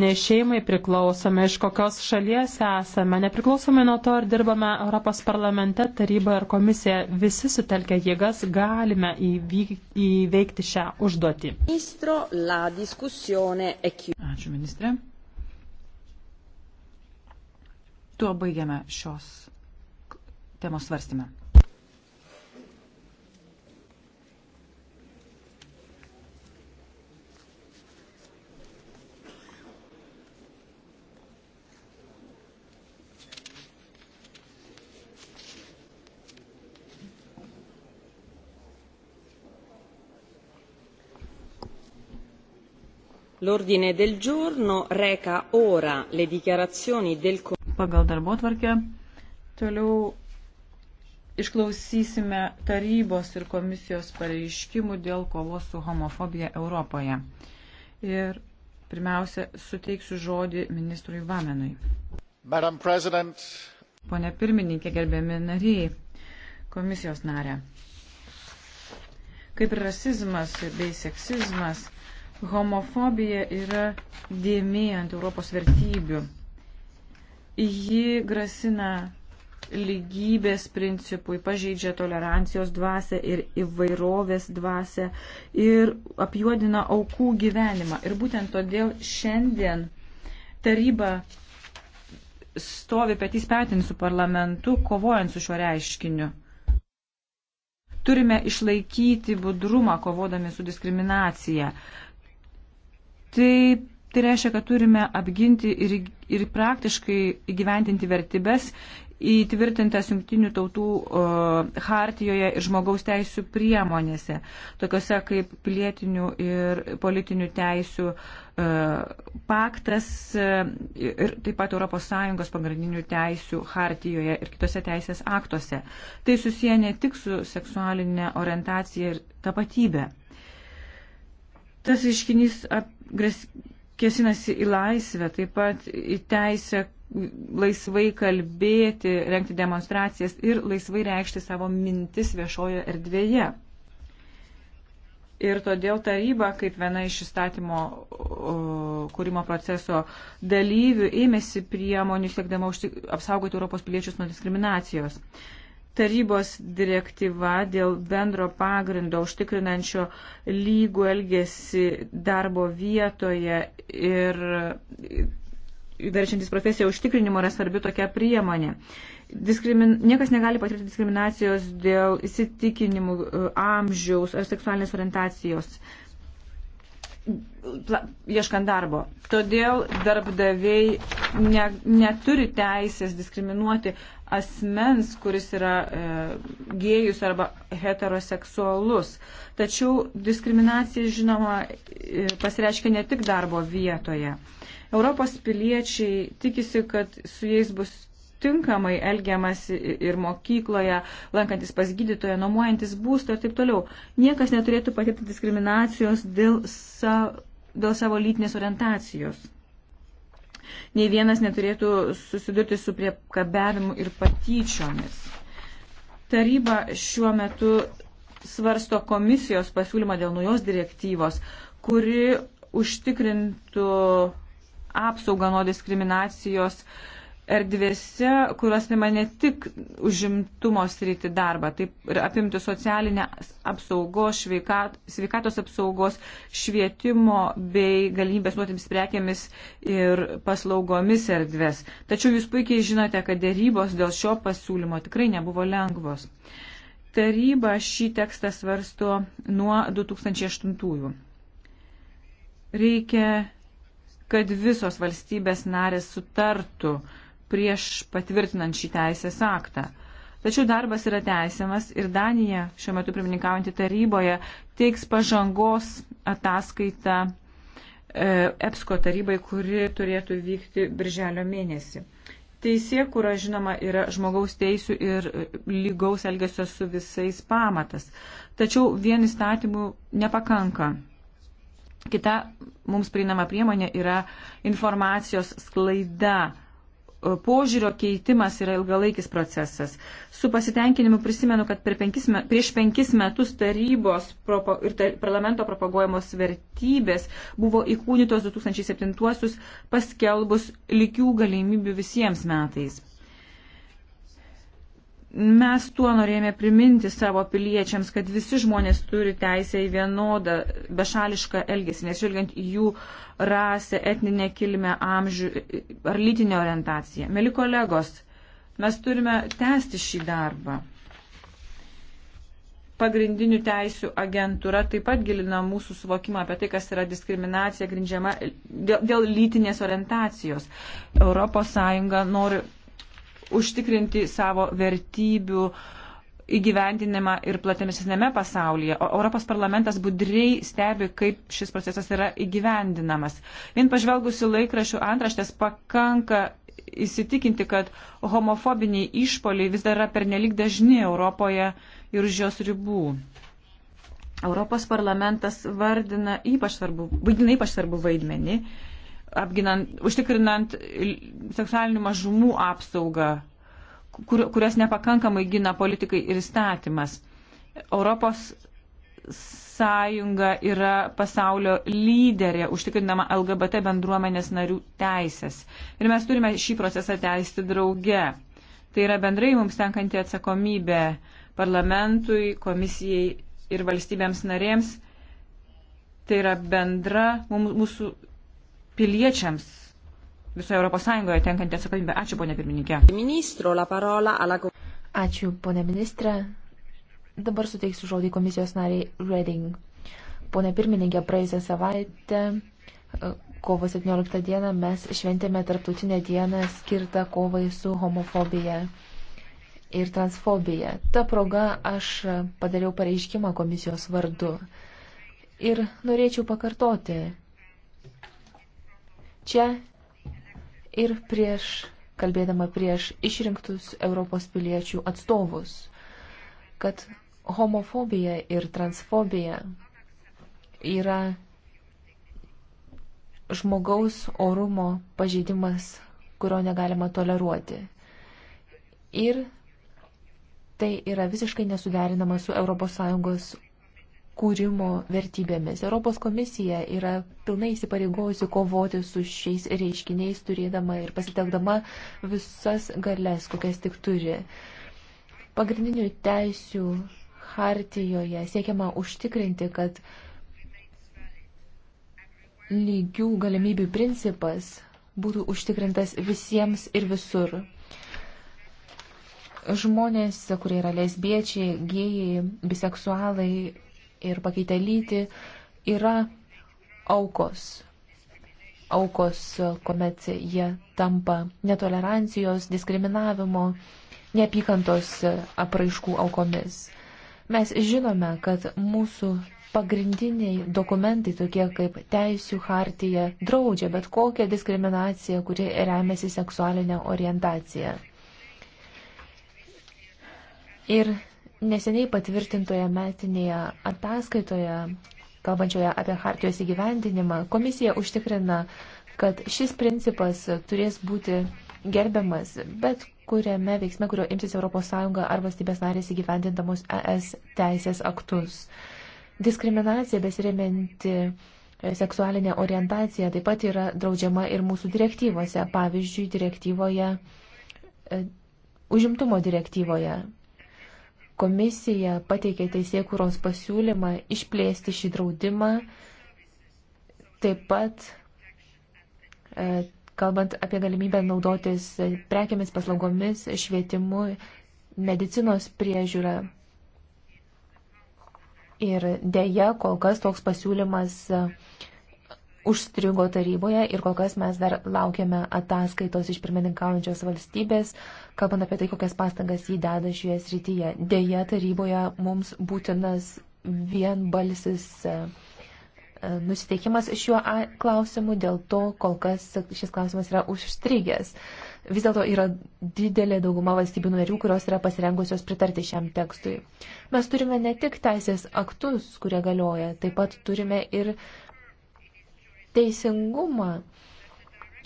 ne šeimai priklausome, iš kokios šalies esame, nepriklausomai nuo to, ar dirbame Europos parlamente, taryboje ar komisijoje, visi sutelkę jėgas galime įvyk, įveikti šią užduotį. Ministro, Ačiū, ministrė. Tuo baigiame šios temos svarstymą. L'ordine del giorno reca ora le dichiarazioni del Pagal darbo tvarkę toliau išklausysime tarybos ir komisijos pareiškimų dėl kovos su homofobija Europoje. Ir pirmiausia, suteiksiu žodį ministrui Vamenui. Pone pirmininkė, gerbiami nariai, komisijos narė. Kaip ir rasizmas bei seksizmas, homofobija yra dėmė ant Europos vertybių. Ji grasina lygybės principui, pažeidžia tolerancijos dvasę ir įvairovės dvasę ir apjuodina aukų gyvenimą. Ir būtent todėl šiandien taryba stovi petys petin su parlamentu, kovojant su šiuo reiškiniu. Turime išlaikyti budrumą, kovodami su diskriminacija tai, tai reiškia, kad turime apginti ir, ir praktiškai įgyventinti vertybės įtvirtintas jungtinių tautų o, hartijoje ir žmogaus teisų priemonėse, tokiuose kaip pilietinių ir politinių teisų o, paktas e, ir taip pat ES pagrindinių teisų hartijoje ir kitose teisės aktuose. Tai susiję ne tik su seksualinė orientacija ir tapatybė. Tas iškinys apie kėsinasi į laisvę, taip pat į teisę laisvai kalbėti, renkti demonstracijas ir laisvai reikšti savo mintis viešojo erdvėje. Ir todėl taryba, kaip viena iš įstatymo kūrimo proceso dalyvių, ėmėsi priemonių siekdama apsaugoti Europos piliečius nuo diskriminacijos. Uh, tarybos direktyva dėl bendro pagrindo užtikrinančio lygų elgesį darbo vietoje ir verčiantis profesiją užtikrinimo yra svarbi tokia priemonė. Diskrimin... Niekas negali patirti diskriminacijos dėl įsitikinimų, e, amžiaus ar seksualinės orientacijos ieškant darbo. Todėl darbdaviai ne, neturi teisės diskriminuoti asmens, kuris yra e, gėjus arba heteroseksualus. Tačiau diskriminacija, žinoma, e, pasireiškia ne tik darbo vietoje. Europos piliečiai tikisi, kad su jais bus tinkamai elgiamasi ir mokykloje, lankantis pas gydytoją, nuomojantis būstą ir taip toliau. Niekas neturėtų patirti diskriminacijos dėl, sa, dėl savo lytinės orientacijos nei vienas neturėtų susidurti su priekabiavimu ir patyčiomis. Taryba šiuo metu svarsto komisijos pasiūlymą dėl naujos direktyvos, kuri užtikrintų apsaugą nuo diskriminacijos uh, erdvėse, kurios apima ne tik užimtumo sritį darbą, taip ir apimti socialinę apsaugos, šveikat, sveikatos apsaugos, švietimo bei galimybės nuotims prekiamis ir paslaugomis erdvės. Tačiau jūs puikiai žinote, kad dėrybos dėl šio pasiūlymo tikrai nebuvo lengvos. Taryba šį tekstą svarsto nuo 2008. -ųjų. Reikia kad visos valstybės narės sutartų prieš patvirtinant šį teisės aktą. Tačiau darbas yra teisiamas ir Danija, šiuo metu pirmininkaujantį taryboje, teiks pažangos ataskaitą e, EPSCO tarybai, kuri turėtų vykti birželio mėnesį. Teisė, kura žinoma yra žmogaus teisų ir lygaus elgesio su visais pamatas. Tačiau vien įstatymų nepakanka. Kita mums prieinama priemonė yra informacijos sklaida E, požiūrio keitimas yra ilgalaikis procesas. Su pasitenkinimu prisimenu, kad penkis, prieš penkis metus tarybos propo, ir tar, parlamento propaguojamos vertybės buvo įkūnytos 2007-uosius paskelbus lygių galimybių visiems metais. Mes tuo norėjome priminti savo piliečiams, kad visi žmonės turi teisę į vienodą bešališką elgesį, nesžvelgiant jų rasę, etninę kilmę, amžių ar lytinę orientaciją. Meli kolegos, mes turime tęsti šį darbą. Pagrindinių teisių agentūra taip pat gilina mūsų suvokimą apie tai, kas yra diskriminacija grindžiama dėl, dėl lytinės orientacijos. ES nori užtikrinti savo vertybių įgyvendinimą ir platėmesnėme pasaulyje. O Europos parlamentas budriai stebi, kaip šis procesas yra įgyvendinamas. Vien pažvelgusi laikrašių antraštės pakanka įsitikinti, kad homofobiniai išpoliai vis dar yra pernelik dažni Europoje ir už jos ribų. Europos parlamentas vardina ypač svarbu, vaidina ypač svarbu vaidmenį apginant, užtikrinant seksualinių mažumų apsaugą, kur, kurias nepakankamai gina politikai ir įstatymas. Europos sąjunga yra pasaulio lyderė, užtikrinama LGBT bendruomenės narių teisės. Ir mes turime šį procesą teisti drauge. Tai yra bendrai mums tenkanti atsakomybė parlamentui, komisijai ir valstybėms narėms. Tai yra bendra mūsų piliečiams visoje Europos Sąjungoje tenkantį atsakomybę. Ačiū, ponė pirmininkė. Ministro, la parola, alla... Ačiū, ponė ministrė. Dabar suteiksiu žodį komisijos nariai Reding. Pone pirmininkė, praėjusią savaitę, e, kovo 17 dieną, mes šventėme tarptautinę dieną skirtą kovai su homofobija ir transfobija. Ta proga aš padariau pareiškimą komisijos vardu. Ir norėčiau pakartoti čia ir prieš, kalbėdama prieš išrinktus Europos piliečių atstovus, kad homofobija ir transfobija yra žmogaus orumo pažeidimas, kurio negalima toleruoti. Ir tai yra visiškai nesuderinama su ES kūrimo vertybėmis. Europos komisija yra pilnai įsipareigojusi kovoti su šiais reiškiniais, turėdama ir pasitelkdama visas galės, kokias tik turi. Pagrindinių teisių hartijoje siekiama užtikrinti, kad lygių galimybių principas būtų užtikrintas visiems ir visur žmonės, kurie yra lesbiečiai, gėjai, biseksualai, ir pakeitę lytį yra aukos. Aukos, kuomet jie tampa netolerancijos, diskriminavimo, neapykantos apraiškų aukomis. Mes žinome, kad mūsų pagrindiniai dokumentai, tokie kaip teisų hartija, draudžia bet kokią diskriminaciją, kuri remiasi seksualinę orientaciją. Ir Neseniai patvirtintoje metinėje ataskaitoje, kalbančioje apie hartijos įgyvendinimą, komisija užtikrina, kad šis principas turės būti gerbiamas bet kuriame veiksme, kurio imsis ES ar valstybės narės įgyvendindamos ES teisės aktus. Diskriminacija besiremianti seksualinė orientacija taip pat yra draudžiama ir mūsų direktyvose, pavyzdžiui, direktyvoje, e, užimtumo direktyvoje. Komisija pateikė teisėkūros pasiūlymą išplėsti šį draudimą, taip pat e, kalbant apie galimybę naudotis prekiamis paslaugomis, švietimu, medicinos priežiūra. Ir dėja, kol kas toks pasiūlymas uh, užstrigo taryboje ir kol kas mes dar laukiame ataskaitos iš pirmininkaujančios valstybės, kalbant apie tai, kokias pastangas jį deda šioje srityje. Deja, taryboje mums būtinas vienbalsis e, e, nusiteikimas šiuo klausimu, dėl to kol kas šis klausimas yra užstrigęs. Vis dėlto yra didelė dauguma valstybių narių, kurios yra pasirengusios pritarti šiam tekstui. Mes turime ne tik teisės aktus, kurie galioja, taip pat turime ir uh, teisingumą.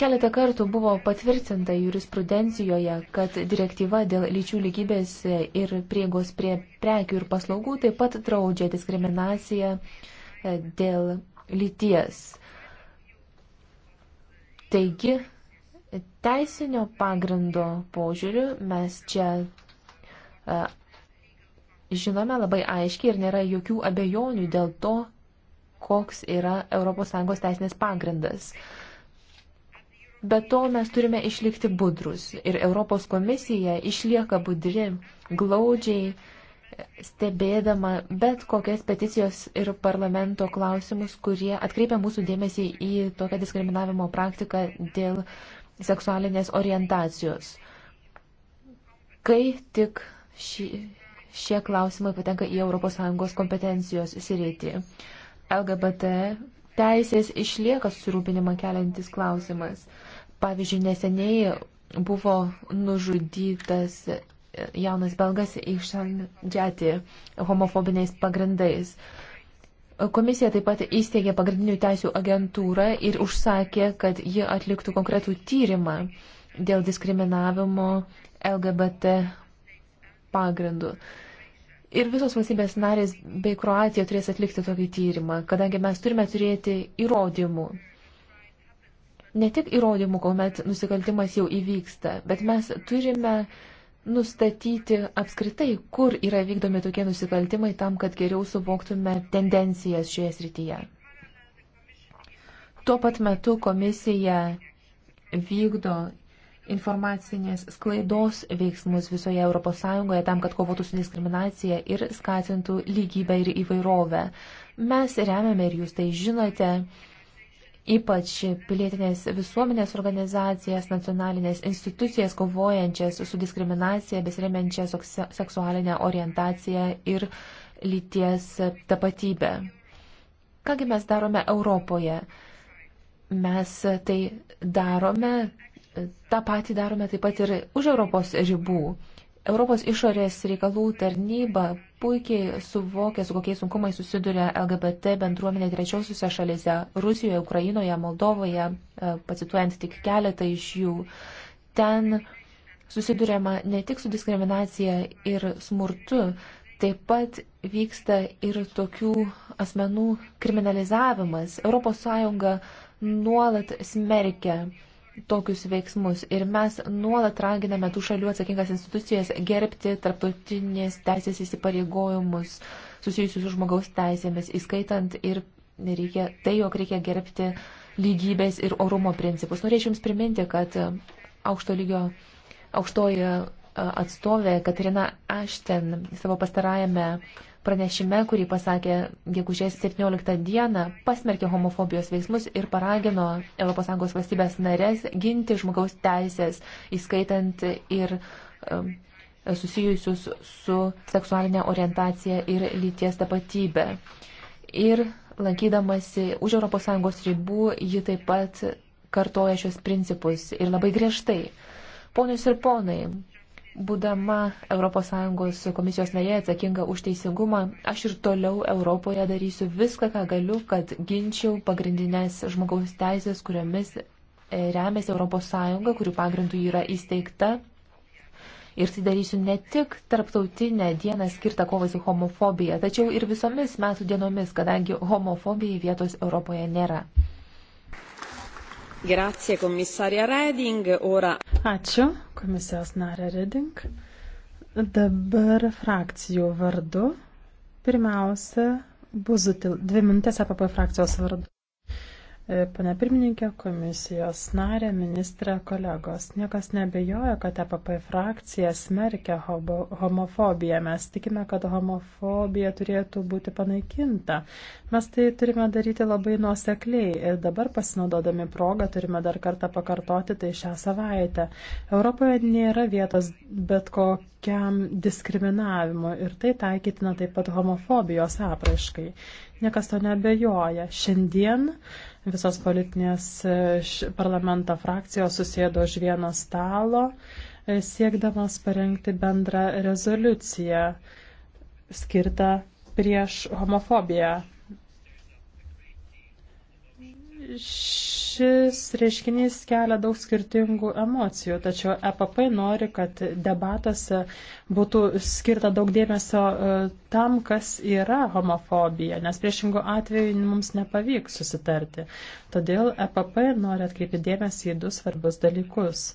Keletą kartų buvo patvirtinta jurisprudencijoje, kad direktyva dėl lyčių lygybės ir prieigos prie prekių ir paslaugų taip pat draudžia diskriminaciją e, dėl lyties. Taigi, teisinio pagrindo požiūriu mes čia e, žinome labai aiškiai ir nėra jokių abejonių dėl to, koks yra ES teisinės pagrindas. Be to mes turime išlikti budrus ir Europos komisija išlieka budri, glaudžiai stebėdama bet kokias peticijos ir parlamento klausimus, kurie atkreipia mūsų dėmesį į tokią diskriminavimo praktiką dėl seksualinės orientacijos. Kai tik ši, šie klausimai patenka į ES kompetencijos sritį. Uh, LGBT teisės išlieka susirūpinimą keliantis klausimas. Pavyzdžiui, neseniai buvo nužudytas jaunas belgas iš Džeti homofobiniais pagrindais. Komisija taip pat įsteigė pagrindinių teisų agentūrą ir užsakė, kad ji atliktų konkretų tyrimą dėl diskriminavimo LGBT pagrindų. Uh, Ir visos valstybės narės bei Kroatija turės atlikti tokį tyrimą, kadangi mes turime turėti įrodymų. Ne tik įrodymų, kuomet nusikaltimas jau įvyksta, bet mes turime nustatyti apskritai, kur yra vykdomi tokie nusikaltimai tam, kad geriau suvoktume tendencijas šioje srityje. Tuo pat metu komisija vykdo informacinės sklaidos veiksmus visoje ES tam, kad kovotų su diskriminacija ir skatintų lygybę ir įvairovę. Mes remiame ir jūs tai žinote, ypač pilietinės visuomenės organizacijas, nacionalinės institucijas kovojančias su diskriminacija, besiremiančią seksualinę orientaciją ir lyties tapatybę. Kągi mes darome Europoje? Mes tai darome tą patį darome taip pat ir už Europos ribų. Europos išorės reikalų tarnyba puikiai suvokia, su kokiais sunkumais susiduria LGBT bendruomenė trečiosiuose šalyse - Rusijoje, Ukrainoje, Moldovoje, e, pacituojant tik keletą iš jų. Ten susidurėma ne tik su diskriminacija ir smurtu, taip pat vyksta ir tokių asmenų kriminalizavimas. ES nuolat smerkia tokius veiksmus ir mes nuolat raginame tų šalių atsakingas institucijas gerbti tarptautinės teisės įsipareigojimus susijusius su žmogaus teisėmis, įskaitant ir reikia, tai, jog reikia gerbti lygybės ir orumo principus. Norėčiau Jums priminti, kad aukšto lygio, aukštoji atstovė Katarina Ašten savo pastarajame uh, pranešime, kurį pasakė gegužės 17 dieną, pasmerkė homofobijos veiksmus ir paragino ES valstybės narės ginti žmogaus teisės, įskaitant ir um, susijusius su seksualinė orientacija ir lyties tapatybė. Ir lankydamasi už ES ribų, ji taip pat kartoja šios principus ir labai griežtai. Ponius ir ponai, Būdama ES komisijos narė atsakinga už teisingumą, aš ir toliau Europoje darysiu viską, ką galiu, kad ginčiau pagrindinės žmogaus teisės, kuriomis e, remiasi ES, kurių pagrindų yra įsteigta. Ir tai darysiu ne tik tarptautinę dieną skirtą kovai su homofobija, tačiau ir visomis metų dienomis, kadangi homofobijai vietos Europoje nėra. Grazie, komisarė Reding. Ora... Ačiū, komisijos narė Reding. Dabar frakcijų vardu. Pirmiausia, buzutil. Dvi minutės apie frakcijos vardu. E, pane pirmininkė, komisijos narė, ministrė, kolegos, niekas nebejoja, kad EPP frakcija smerkia homofobiją. Mes tikime, kad homofobija turėtų būti panaikinta. Mes tai turime daryti labai nuosekliai ir dabar pasinaudodami progą turime dar kartą pakartoti tai šią savaitę. Europoje nėra vietos bet kokiam diskriminavimui ir tai taikytina taip pat homofobijos apraiškai. Niekas to nebejoja. Šiandien Visos politinės e, parlamento frakcijos susėdo už vieno stalo, e, siekdamas parengti bendrą rezoliuciją skirtą prieš homofobiją. Šis reiškinys kelia daug skirtingų emocijų, tačiau EPP nori, kad debatuose būtų skirta daug dėmesio e, tam, kas yra homofobija, nes priešingų atveju mums nepavyks susitarti. Todėl EPP nori atkreipti dėmesį į du svarbus dalykus.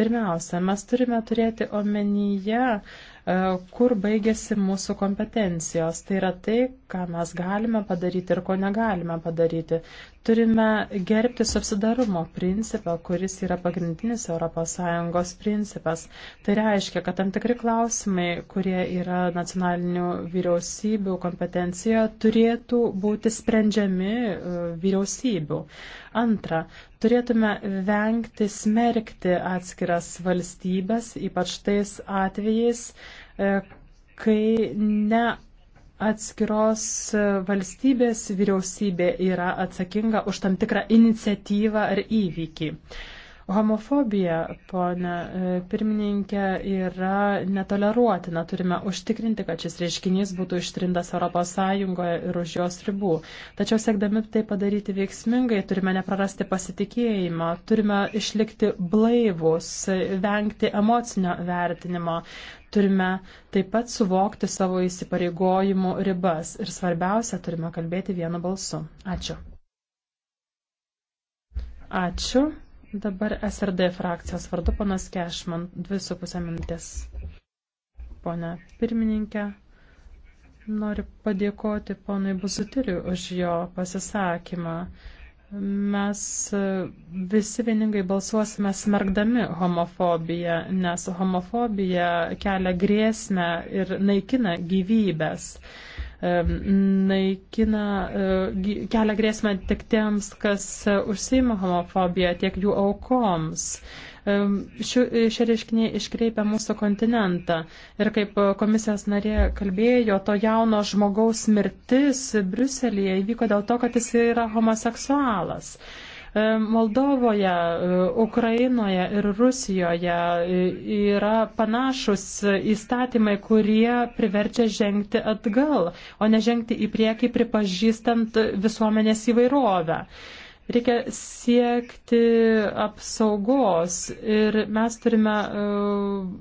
Pirmiausia, mes turime turėti omenyje, e, kur baigėsi mūsų kompetencijos. Tai yra tai, ką mes galime padaryti ir ko negalime padaryti. Turime gerbti subsidarumo principą, kuris yra pagrindinis ES principas. Tai reiškia, kad tam tikri klausimai, kurie yra nacionalinių vyriausybių kompetencija, turėtų būti sprendžiami e, vyriausybių. Antra, turėtume vengti smerkti atskiras valstybės, ypač tais atvejais, e, kai ne atskiros valstybės vyriausybė yra atsakinga už tam tikrą iniciatyvą ar įvykį. Homofobija, ponė e, pirmininkė, yra netoleruotina. Turime užtikrinti, kad šis reiškinys būtų ištrintas ES ir už jos ribų. Tačiau siekdami tai padaryti veiksmingai, turime neprarasti pasitikėjimo, turime išlikti blaivus, vengti emocinio vertinimo. Turime taip pat suvokti savo įsipareigojimų ribas ir svarbiausia, turime kalbėti vienu balsu. Ačiū. Ačiū. Dabar SRD frakcijos vardu panas Kešman, dvi su pusę mintis. Pone pirmininkė, noriu padėkoti ponui Buzutiriu už jo pasisakymą mes e, visi vieningai balsuosime smergdami homofobiją, nes homofobija kelia grėsmę ir naikina gyvybės. E, naikina, e, kelia grėsmę tik tiems, kas užsima homofobiją, tiek jų aukoms. Šie reiškiniai iškreipia mūsų kontinentą. Ir kaip komisijos narė kalbėjo, to jauno žmogaus mirtis Briuselėje įvyko dėl to, kad jis yra homoseksualas. Moldovoje, e, Ukrainoje ir Rusijoje e, yra panašus įstatymai, kurie priverčia žengti atgal, o ne žengti į priekį pripažįstant visuomenės įvairovę. Reikia siekti apsaugos ir mes turime e,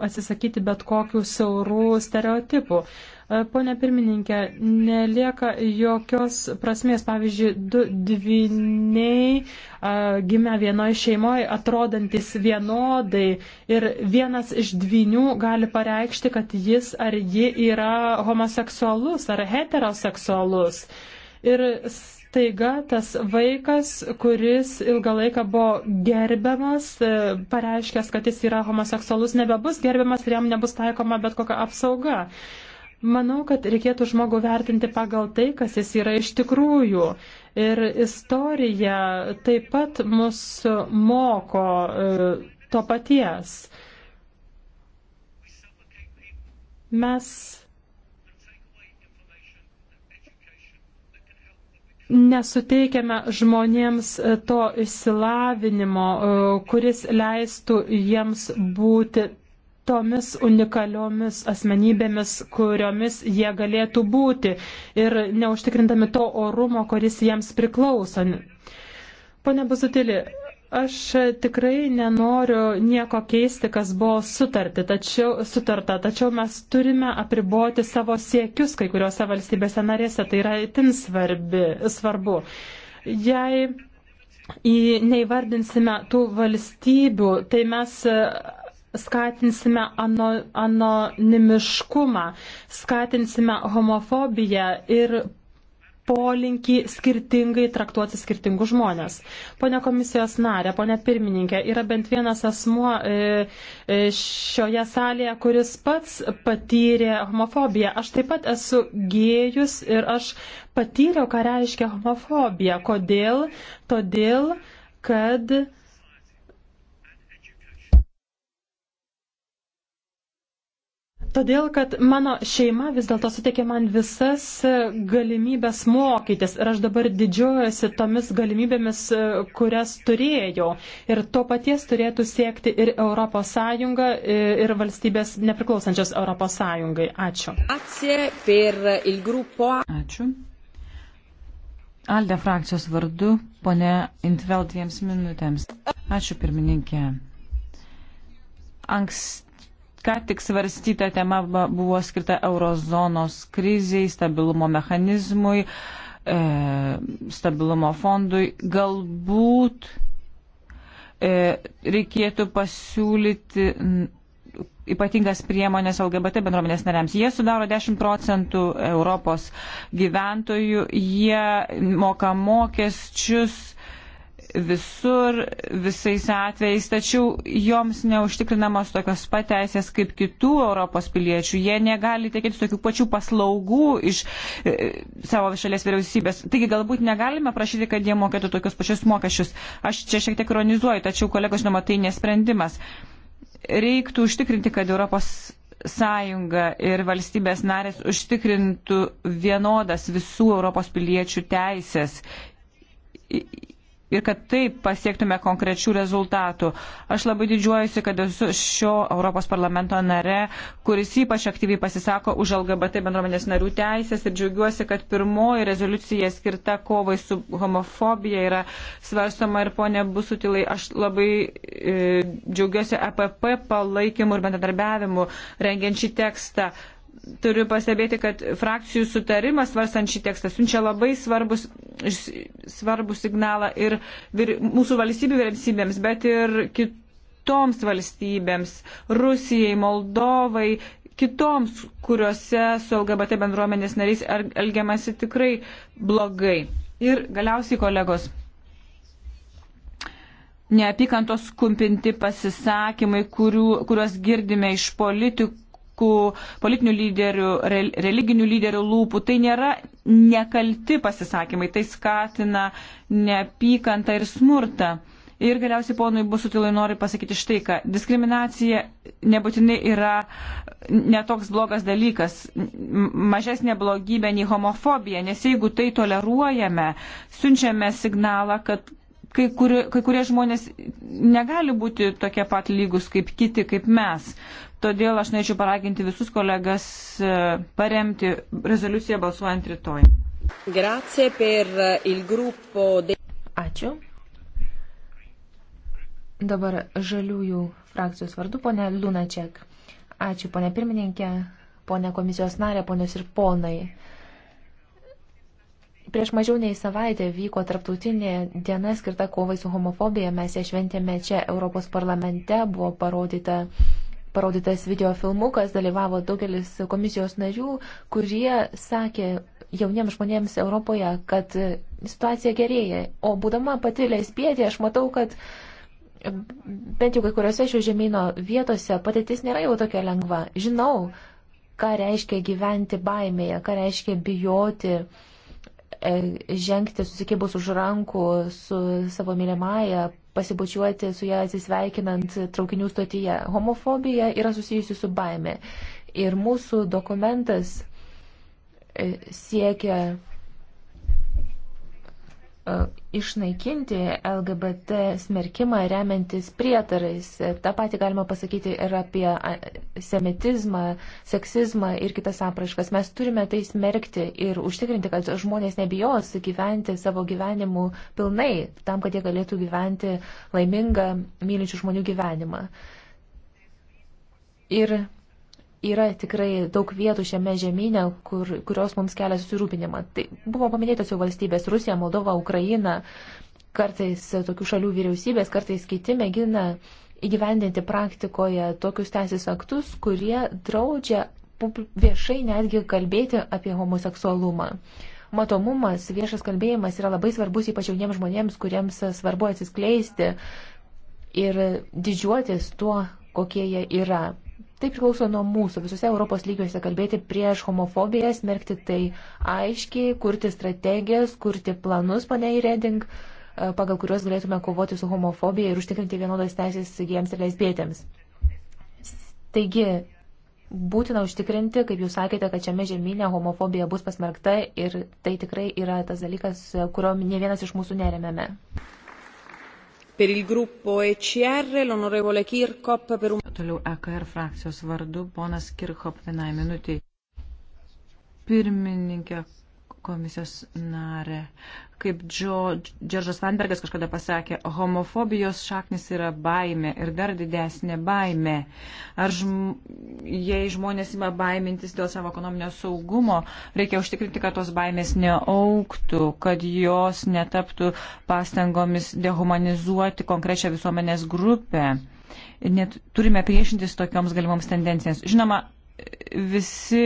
atsisakyti bet kokių siaurų stereotipų. E, pone pirmininkė, nelieka jokios prasmės. Pavyzdžiui, du dviniai e, gimę vienoje šeimoje atrodantis vienodai ir vienas iš dvinių gali pareikšti, kad jis ar ji yra homoseksualus ar heteroseksualus. Ir staiga tas vaikas, kuris ilgą laiką buvo gerbiamas, e, pareiškęs, kad jis yra homoseksualus, nebebus gerbiamas ir jam nebus taikoma bet kokia apsauga. Manau, kad reikėtų žmogų vertinti pagal tai, kas jis yra iš tikrųjų. Ir istorija taip pat mus moko e, to paties. Mes nesuteikiame žmonėms e, to išsilavinimo, e, kuris leistų jiems būti tomis unikaliomis asmenybėmis, kuriomis jie galėtų būti ir neužtikrindami to orumo, kuris jiems priklauso. Pone Buzutėlį, Aš tikrai nenoriu nieko keisti, kas buvo sutarti, tačiau, sutarta, tačiau mes turime apriboti savo siekius kai kuriuose valstybėse narėse. Tai yra itin svarbi, svarbu. Jei į, neįvardinsime tų valstybių, tai mes e, skatinsime ano, anonimiškumą, skatinsime homofobiją ir polinkį skirtingai traktuoti skirtingus žmonės. Pone komisijos narė, pone pirmininkė, yra bent vienas asmuo e, e, šioje salėje, kuris pats patyrė homofobiją. Aš taip pat esu gėjus ir aš patyriau, ką reiškia homofobija. Kodėl? Todėl, kad Todėl, kad mano šeima vis dėlto suteikė man visas e, galimybės mokytis ir aš dabar didžiuojasi tomis galimybėmis, e, kurias turėjau. Ir to paties turėtų siekti ir ES e, ir valstybės nepriklausančios ES. Ačiū. Ačiū. Alde frakcijos vardu, ponė Intveld dviems minutėms. Ačiū pirmininkė. Anksti Ką tik svarstyta tema buvo skirta eurozonos kriziai, stabilumo mechanizmui, e, stabilumo fondui. Galbūt e, reikėtų pasiūlyti ypatingas priemonės LGBT bendruomenės nariams. Jie sudaro 10 procentų Europos gyventojų, jie moka mokesčius visur, visais atvejais, tačiau joms neužtikrinamos tokios pateisės kaip kitų Europos piliečių. Jie negali tikėtis tokių pačių paslaugų iš e, savo šalies vyriausybės. Taigi galbūt negalime prašyti, kad jie mokėtų tokius pačius mokesčius. Aš čia šiek tiek ironizuoju, tačiau kolegos, žinoma, tai nesprendimas. Reiktų užtikrinti, kad Europos sąjunga ir valstybės narės užtikrintų vienodas visų Europos piliečių teisės ir kad taip pasiektume konkrečių rezultatų. Aš labai didžiuojuosi, kad esu šio Europos parlamento nare, kuris ypač aktyviai pasisako už LGBT bendruomenės narių teisės ir džiaugiuosi, kad pirmoji rezoliucija skirta kovai su homofobija yra svarstoma ir ponė Busutilai. Aš labai e, džiaugiuosi APP e palaikymu ir bendradarbiavimu rengiant šį tekstą turiu pastebėti, kad frakcijų sutarimas svarstant šį tekstą siunčia labai svarbus, svarbus signalą ir vir, mūsų valstybių vyriausybėms, bet ir kitoms valstybėms - Rusijai, Moldovai, kitoms, kuriuose su LGBT bendruomenės nariais elgiamasi tikrai blogai. Ir galiausiai, kolegos, neapykantos kumpinti pasisakymai, kurių, kuriuos girdime iš politikų politikų, politinių lyderių, religinių lyderių lūpų. Tai nėra nekalti pasisakymai, tai skatina neapykantą ir smurtą. Ir galiausiai ponui Busutilai noriu pasakyti štai, kad diskriminacija nebūtinai yra netoks blogas dalykas, mažesnė blogybė nei homofobija, nes jeigu tai toleruojame, siunčiame signalą, kad kai, kuri, kai kurie žmonės negali būti tokie pat lygus kaip kiti, kaip mes. Todėl aš norėčiau paraginti visus kolegas e, paremti rezoliuciją balsuojant rytoj. E, de... Ačiū. Dabar žaliųjų frakcijos vardu, ponė Lunačiak. Ačiū, ponė pirmininkė, ponė komisijos narė, ponios ir ponai. Prieš mažiau nei savaitę vyko tarptautinė diena skirta kovai su homofobija. Mes ją šventėme čia Europos parlamente, buvo parodyta uh, parodytas videofilmukas, dalyvavo daugelis komisijos narių, kurie sakė jauniems žmonėms Europoje, kad situacija gerėja. O būdama pati lesbietė, aš matau, kad bent jau kai kuriuose šio žemynų vietose patėtis nėra jau tokia lengva. Žinau, ką reiškia gyventi baimėje, ką reiškia bijoti e, žengti susikibus už rankų su savo mylimąją, pasibučiuoti su ją atsisveikinant traukinių stotyje. Homofobija yra susijusi su baime. Ir mūsų dokumentas e, siekia E, išnaikinti LGBT smerkimą remiantis prietarais. Ta pati galima pasakyti ir apie e, semitizmą, seksizmą ir kitas apraiškas. Mes turime tai smerkti ir užtikrinti, kad žmonės nebijos gyventi savo gyvenimu pilnai, tam, kad jie galėtų gyventi laimingą, mylinčių žmonių gyvenimą. Ir yra tikrai daug vietų šiame žemynė, kur, kurios mums kelia susirūpinimą. Tai buvo paminėtos jau valstybės - Rusija, Moldova, Ukraina, kartais tokių šalių vyriausybės, kartais kiti mėgina įgyvendinti praktikoje tokius teisės aktus, kurie draudžia viešai netgi kalbėti apie homoseksualumą. Matomumas, viešas kalbėjimas yra labai svarbus ypač jauniems žmonėms, kuriems svarbu atsiskleisti ir didžiuotis tuo, kokie jie yra. Tai priklauso nuo mūsų visose Europos lygiuose kalbėti prieš homofobiją, smerkti tai aiškiai, kurti strategijas, kurti planus, pane Reding, e, pagal kuriuos galėtume kovoti su homofobija ir užtikrinti vienodas teisės gėjams ir lesbietėms. Taigi, būtina užtikrinti, kaip jūs sakėte, kad šiame žemynė homofobija bus pasmerkta ir tai tikrai yra tas dalykas, kurio ne vienas iš mūsų neremėme. E Toliau EKR frakcijos vardu ponas Kirchhoff vienai minutiai. Pirmininkė, komisijos narė. Kaip Džordžas Vanbergas kažkada pasakė, homofobijos šaknis yra baime ir dar didesnė baime. Ar žm jei žmonės ima baimintis dėl savo ekonominio saugumo, reikia užtikrinti, kad tos baimės neauktų, kad jos netaptų pastangomis dehumanizuoti konkrečią visuomenės grupę. Net turime priešintis tokioms galimoms tendencijoms. Žinoma, visi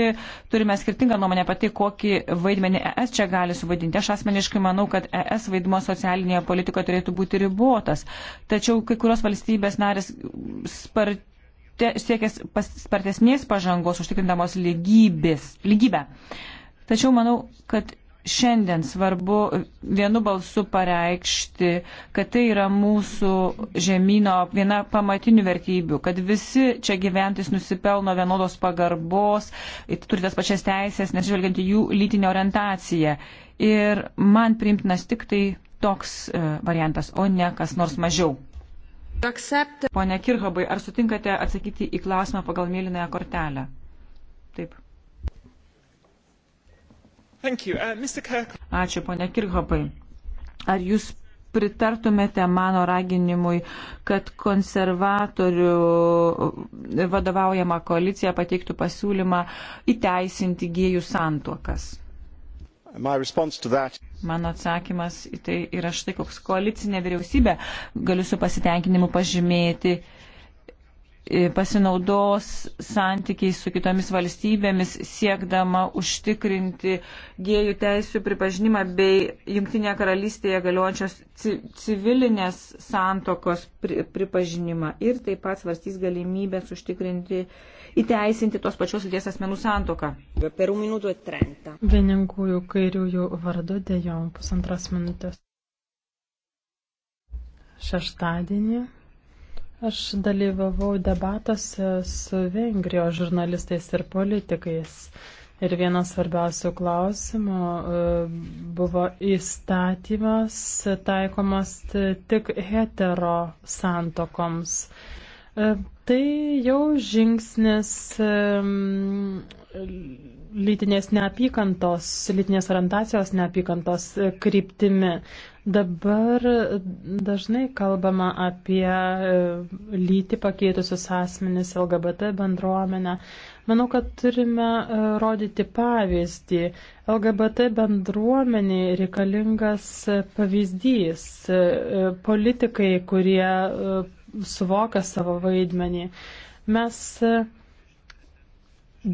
turime skirtingą nuomonę apie tai, kokį vaidmenį ES čia gali suvaidinti. Aš asmeniškai manau, kad ES vaidmo socialinėje politikoje turėtų būti ribotas. Tačiau kai kurios valstybės narės sparte, siekės pas, spartesnės pažangos, užtikrindamos lygybės, lygybę. Tačiau manau, kad šiandien svarbu vienu balsu pareikšti, kad tai yra mūsų žemynų viena pamatinių vertybių, kad visi čia gyventis nusipelno vienodos pagarbos, turi tas pačias teisės, nežvelgiant į jų lytinę orientaciją. Ir man priimtinas tik tai toks e, variantas, o ne kas nors mažiau. Pone Kirhobai, ar sutinkate atsakyti į klausimą pagal mėlynąją kortelę? Taip. Uh, Ačiū, ponia Kirhopai. Ar jūs pritartumėte mano raginimui, kad konservatorių vadovaujama koalicija pateiktų pasiūlymą įteisinti gėjų santuokas? Mano atsakymas į tai yra štai koks koalicinė vyriausybė. Galiu su pasitenkinimu pažymėti, E, pasinaudos santykiais su kitomis valstybėmis, siekdama užtikrinti gėjų teisų pripažinimą bei Junktinėje karalystėje galiojančios civilinės santokos pripažinimą ir taip pat svarstys galimybės užtikrinti, įteisinti tos pačios lyties asmenų santoką. E Vieningųjų kairiųjų vardu dėjom pusantras minutės. Šeštadienį Aš dalyvavau debatuose su Vengrijos žurnalistais ir politikais. Ir vienas svarbiausių klausimų e, buvo įstatymas taikomas tik hetero santokoms. E, tai jau žingsnis lytinės neapykantos, lytinės orientacijos neapykantos kryptimi. Dabar dažnai kalbama apie e, lytį pakeitusius asmenis LGBT bendruomenę. Manau, kad turime e, rodyti pavyzdį. LGBT bendruomeniai reikalingas pavyzdys. E, politikai, kurie suvoka savo vaidmenį. Mes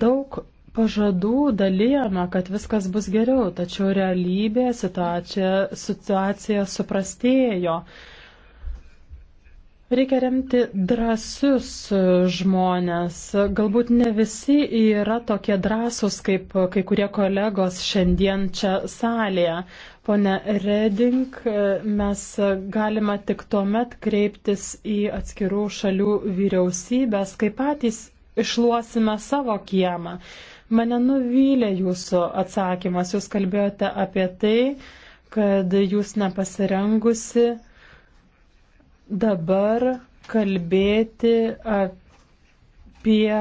daug pažadų dalyjame, kad viskas bus geriau, tačiau realybė situacija, situacija suprastėjo. Reikia remti drąsius žmonės. Galbūt ne visi yra tokie drąsūs, kaip kai kurie kolegos šiandien čia salėje. Pone Reding, mes galime tik tuomet kreiptis į atskirų šalių vyriausybės, kai patys išluosime savo kiemą. Mane nuvylė jūsų atsakymas. Jūs kalbėjote apie tai, kad jūs nepasirengusi dabar kalbėti apie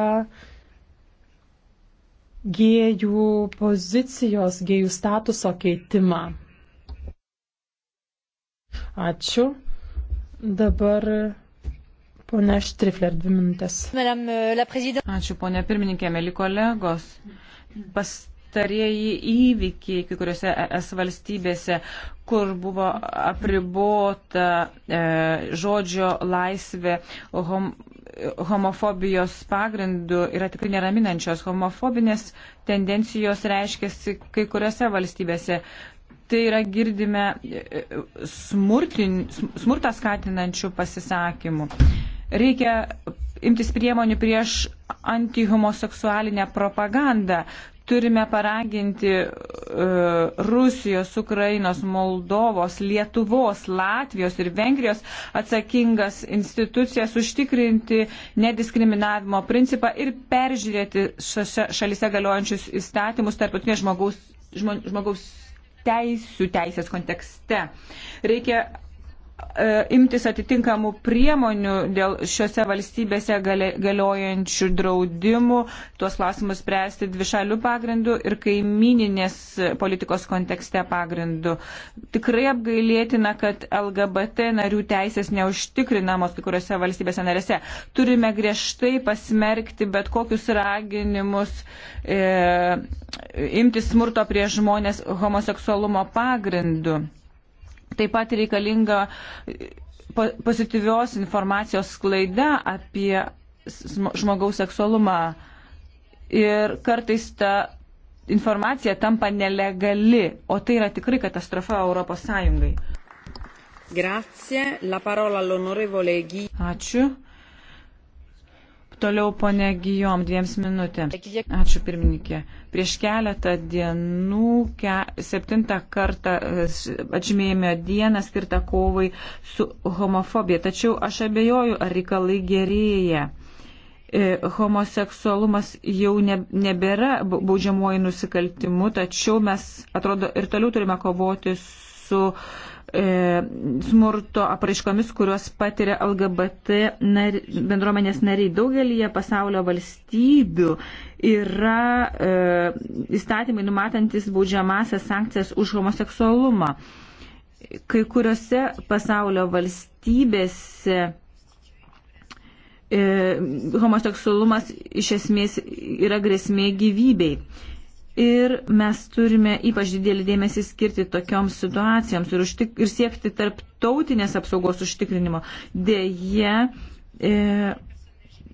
gėjų pozicijos, gėjų statuso keitimą. Ačiū. Dabar Pone Štrifler, dvi minutės. Euh, Ačiū, ponė pirmininkė, mėly kolegos. Pas pastarieji įvykiai kai kuriuose es valstybėse, kur buvo apribota e, žodžio laisvė hom, homofobijos pagrindų, yra tikrai neraminančios. Homofobinės tendencijos reiškiasi kai kuriuose valstybėse. Tai yra girdime e, e, smurtin, smurtą skatinančių pasisakymų. E, Reikia imtis priemonių prieš antihomoseksualinę propagandą. Turime paraginti uh, Rusijos, Ukrainos, Moldovos, Lietuvos, Latvijos ir Vengrijos atsakingas institucijas užtikrinti nediskriminavimo principą ir peržiūrėti šalise galiojančius įstatymus tarptautinės žmogaus, žmogaus teisų teisės kontekste. Reikia E, imtis atitinkamų priemonių dėl šiuose valstybėse galiojančių draudimų, tuos klausimus spręsti dvišalių pagrindų ir kaimininės politikos kontekste pagrindų. Tikrai apgailėtina, kad LGBT narių teisės neužtikrinamos kai kuriuose valstybėse narėse. Turime griežtai pasmerkti bet kokius raginimus e, imtis smurto prieš žmonės homoseksualumo pagrindu taip pat reikalinga e, pozityvios informacijos sklaida apie žmogaus seksualumą. Ir kartais ta informacija tampa nelegali, o tai yra tikrai katastrofa Europos Sąjungai. Grazie, la parola all'onorevole Guy. Ačiū. Toliau ponė Gijom dviems minutėms. Ačiū pirmininkė. Prieš keletą dienų, ke, septintą kartą e, atžymėjome dieną skirtą kovai su homofobija. Tačiau aš abejoju, ar reikalai gerėja. E, homoseksualumas jau ne, nebėra baudžiamuoju nusikaltimu, tačiau mes, atrodo, ir toliau turime kovoti su E, smurto apraiškomis, kuriuos patiria LGBT nar, bendruomenės nariai. Daugelie pasaulio valstybių yra e, įstatymai numatantis baudžiamasias sankcijas už homoseksualumą. Kai kuriuose pasaulio valstybėse e, homoseksualumas iš esmės yra grėsmė gyvybei. E, Ir mes turime ypač didelį dėmesį skirti tokioms situacijoms ir, užtik, ir siekti tarptautinės apsaugos užtikrinimo. Deja, e,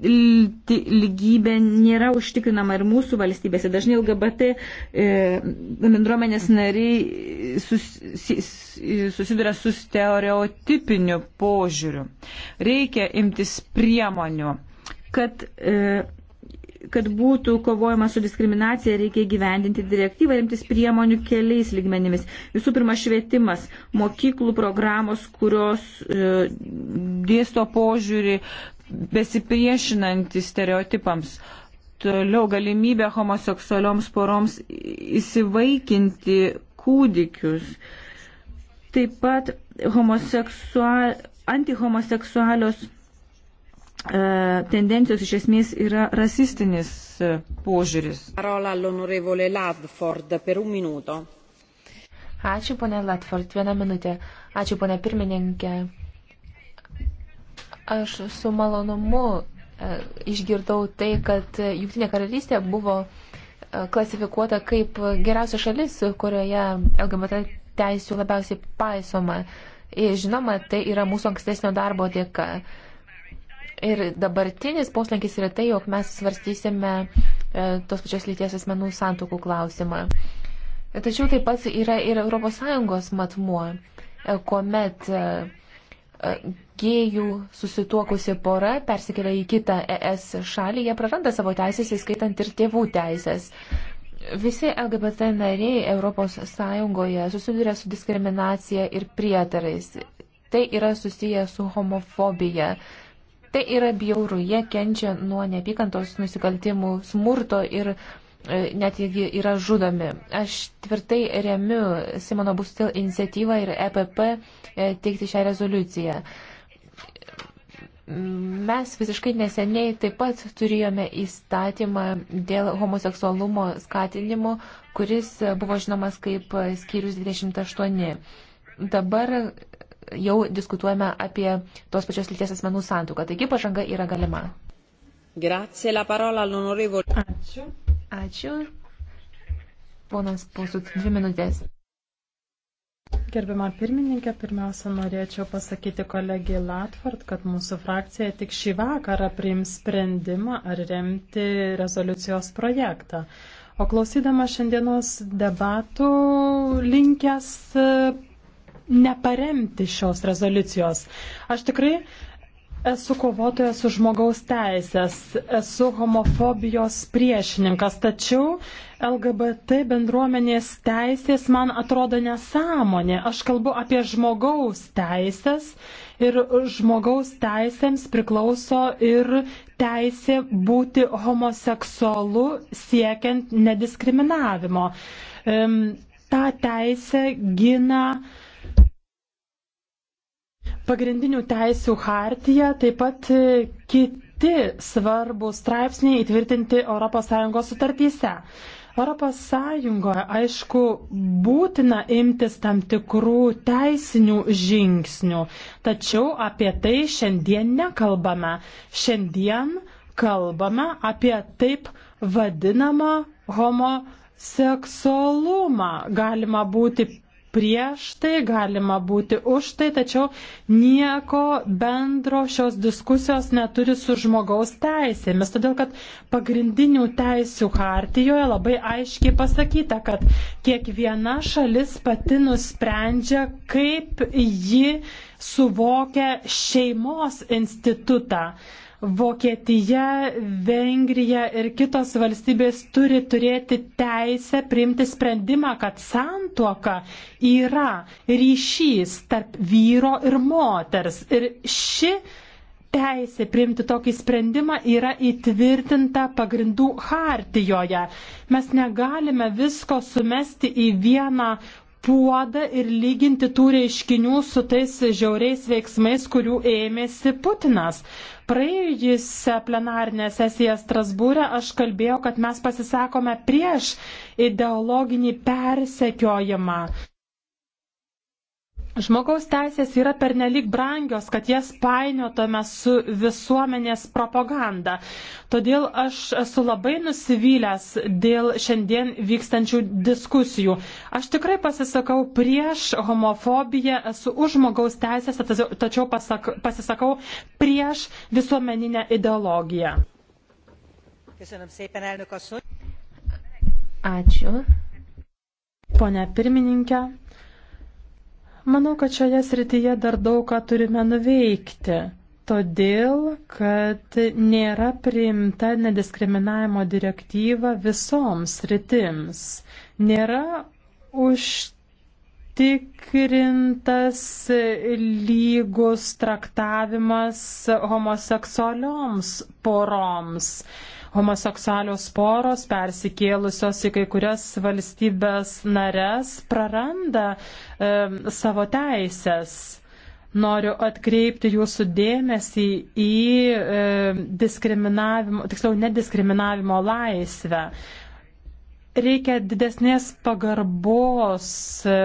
lygybė nėra užtikrinama ir mūsų valstybėse. Dažnai LGBT e, bendruomenės nariai sus, sus, susiduria su stereotipiniu požiūriu. Reikia imtis priemonių, kad e, kad būtų kovojama su diskriminacija, reikia gyvendinti direktyvą ir imtis priemonių keliais lygmenimis. Visų pirma, švietimas, mokyklų programos, kurios e, dėsto požiūrį besipriešinantį stereotipams. Toliau galimybė homoseksualioms poroms įsivaikinti kūdikius. Taip pat homoseksual, antihomoseksualios E, tendencijos iš esmės yra rasistinis e, požiūris. Ačiū, ponė Latford, vieną minutę. Ačiū, ponė pirmininkė. Aš su malonumu e, išgirdau tai, kad Jungtinė karalystė buvo klasifikuota kaip geriausia šalis, kurioje LGBT teisų labiausiai paisoma. Ir žinoma, tai yra mūsų ankstesnio darbo dėka. Ir dabartinis poslinkis yra tai, jog mes svarstysime e, tos pačios lyties asmenų santokų klausimą. Tačiau taip pat yra ir ES matmuo, e, kuomet e, gėjų susituokusi pora persikelia į kitą ES šalį, jie praranda savo teisės, įskaitant ir tėvų teisės. Visi LGBT nariai ES susiduria su diskriminacija ir prietarais. Tai yra susiję su homofobija Tai yra bjauru, jie kenčia nuo neapykantos nusikaltimų, smurto ir e, net jeigu yra žudomi. Aš tvirtai remiu Simono Bustil iniciatyvą ir EPP e, teikti šią rezoliuciją. Mes visiškai neseniai taip pat turėjome įstatymą dėl homoseksualumo skatinimo, kuris buvo žinomas kaip skyrius 28. Dabar jau diskutuojame apie tos pačios lyties asmenų santuoką. Taigi pažanga yra galima. Grazie, la parola all'onorevole. Ačiū. Ačiū. Ponas Pusut, dvi minutės. Gerbima pirmininkė, pirmiausia, norėčiau pasakyti kolegijai Latvart, kad mūsų frakcija tik šį vakarą priims sprendimą ar remti rezoliucijos projektą. O klausydama šiandienos debatų linkęs neparemti šios rezoliucijos. Aš tikrai esu kovotojas už žmogaus teisės, esu homofobijos priešininkas, tačiau LGBT bendruomenės teisės man atrodo nesąmonė. Aš kalbu apie žmogaus teisės ir žmogaus teisėms priklauso ir teisė būti homoseksualu siekiant nediskriminavimo. Ta teisė gina Pagrindinių teisių hartija taip pat e, kiti svarbus straipsniai įtvirtinti ES sutartyse. Europos Sąjungoje, aišku, būtina imtis tam tikrų teisinių žingsnių, tačiau apie tai šiandien nekalbame. Šiandien kalbame apie taip vadinamą homoseksualumą. Galima būti prieš tai, galima būti už tai, tačiau nieko bendro šios diskusijos neturi su žmogaus teisėmis, todėl kad pagrindinių teisių hartijoje labai aiškiai pasakyta, kad kiekviena šalis pati nusprendžia, kaip ji suvokia šeimos institutą. Vokietija, Vengrija ir kitos valstybės turi turėti teisę priimti sprendimą, kad santuoka yra ryšys tarp vyro ir moters. Ir ši teisė priimti tokį sprendimą yra įtvirtinta pagrindų hartijoje. Mes negalime visko sumesti į vieną puodą ir lyginti tų reiškinių su tais žiauriais veiksmais, kurių ėmėsi Putinas. Praėjusią plenarinę sesiją Strasbūrę aš kalbėjau, kad mes pasisakome prieš ideologinį persekiojimą. Žmogaus teisės yra pernelyg brangios, kad jas painiotume su visuomenės propaganda. Todėl aš esu labai nusivylęs dėl šiandien vykstančių diskusijų. Aš tikrai pasisakau prieš homofobiją, esu už žmogaus teisės, tačiau pasak, pasisakau prieš visuomeninę ideologiją. Ačiū. Pone pirmininkė. Manau, kad šioje srityje dar daug ką turime nuveikti. Todėl, kad nėra priimta nediskriminavimo direktyva visoms sritims. Nėra užtikrintas lygus traktavimas homoseksualioms poroms homoseksualios poros persikėlusios į kai kurias valstybės nares praranda e, savo teisės. Noriu atkreipti jūsų dėmesį į e, diskriminavimo, tiksliau, nediskriminavimo laisvę. Reikia didesnės pagarbos. E,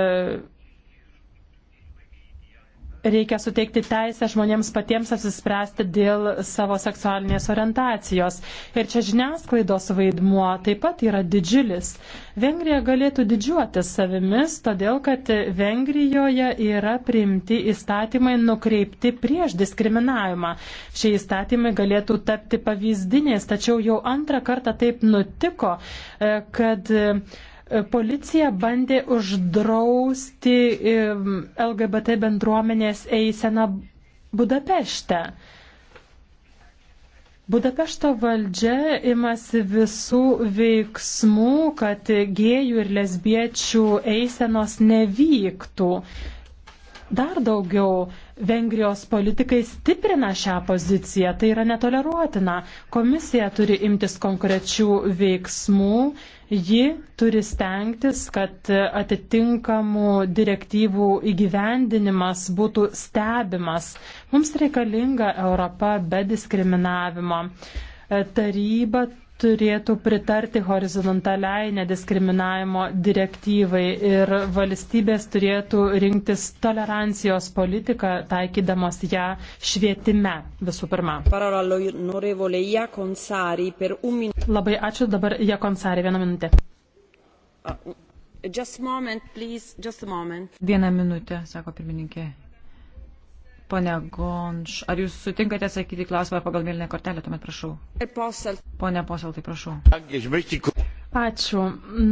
reikia suteikti teisę žmonėms patiems apsispręsti dėl savo seksualinės orientacijos. Ir čia žiniasklaidos vaidmuo taip pat yra didžiulis. Vengrija galėtų didžiuotis savimis, todėl kad Vengrijoje yra priimti įstatymai nukreipti prieš diskriminavimą. Šie įstatymai galėtų tapti pavyzdiniais, tačiau jau antrą kartą taip nutiko, e, kad Policija bandė uždrausti LGBT bendruomenės eiseną Budapešte. Budapešto valdžia imasi visų veiksmų, kad gėjų ir lesbiečių eisenos nevyktų. Dar daugiau, Vengrijos politikai stiprina šią poziciją, tai yra netoleruotina. Komisija turi imtis konkrečių veiksmų Ji turi stengtis, kad atitinkamų direktyvų įgyvendinimas būtų stebimas. Mums reikalinga Europa be diskriminavimo. Taryba turėtų pritarti horizontaliai nediskriminavimo direktyvai ir valstybės turėtų rinktis tolerancijos politiką, taikydamos ją švietime visų pirma. Labai ačiū dabar Jekonsari, vieną minutę. Uh, moment, please, Vieną minutę, sako pirmininkė. Pone Gonš, ar jūs sutinkate atsakyti klausimą pagal mėlyną kortelę, tuomet prašau. Pone Posel, tai prašau. Ačiū.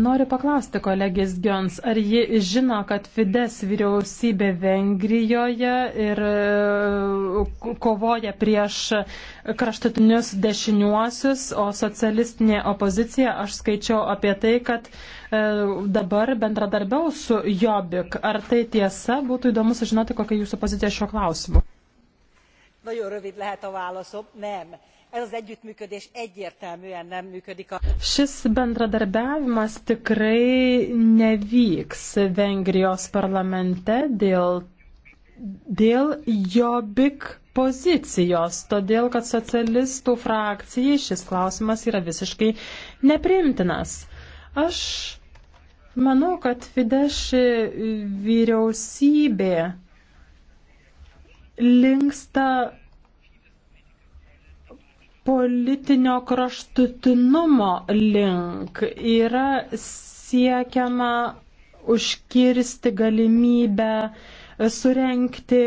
Noriu paklausti kolegės Gions, ar ji žino, kad Fides vyriausybė Vengrijoje ir e, kovoja prieš kraštutinius dešiniuosius, o socialistinė opozicija, aš skaičiau apie tai, kad uh, E, dabar bendradarbiaus su Jobik. Ar tai tiesa? Būtų įdomu sužinoti, kokia jūsų pozicija šiuo klausimu. Nagyon rövid lehet a válaszom. Nem. Ez az együttműködés egyértelműen nem működik. A... Šis bendradarbiavimas tikrai nevyks Vengrijos parlamente dėl, dėl Jobik pozicijos, todėl kad socialistų frakcijai šis klausimas yra visiškai neprimtinas. Aš Manau, kad Fidesz vyriausybė linksta politinio kraštutinumo link. Yra siekiama užkirsti galimybę surenkti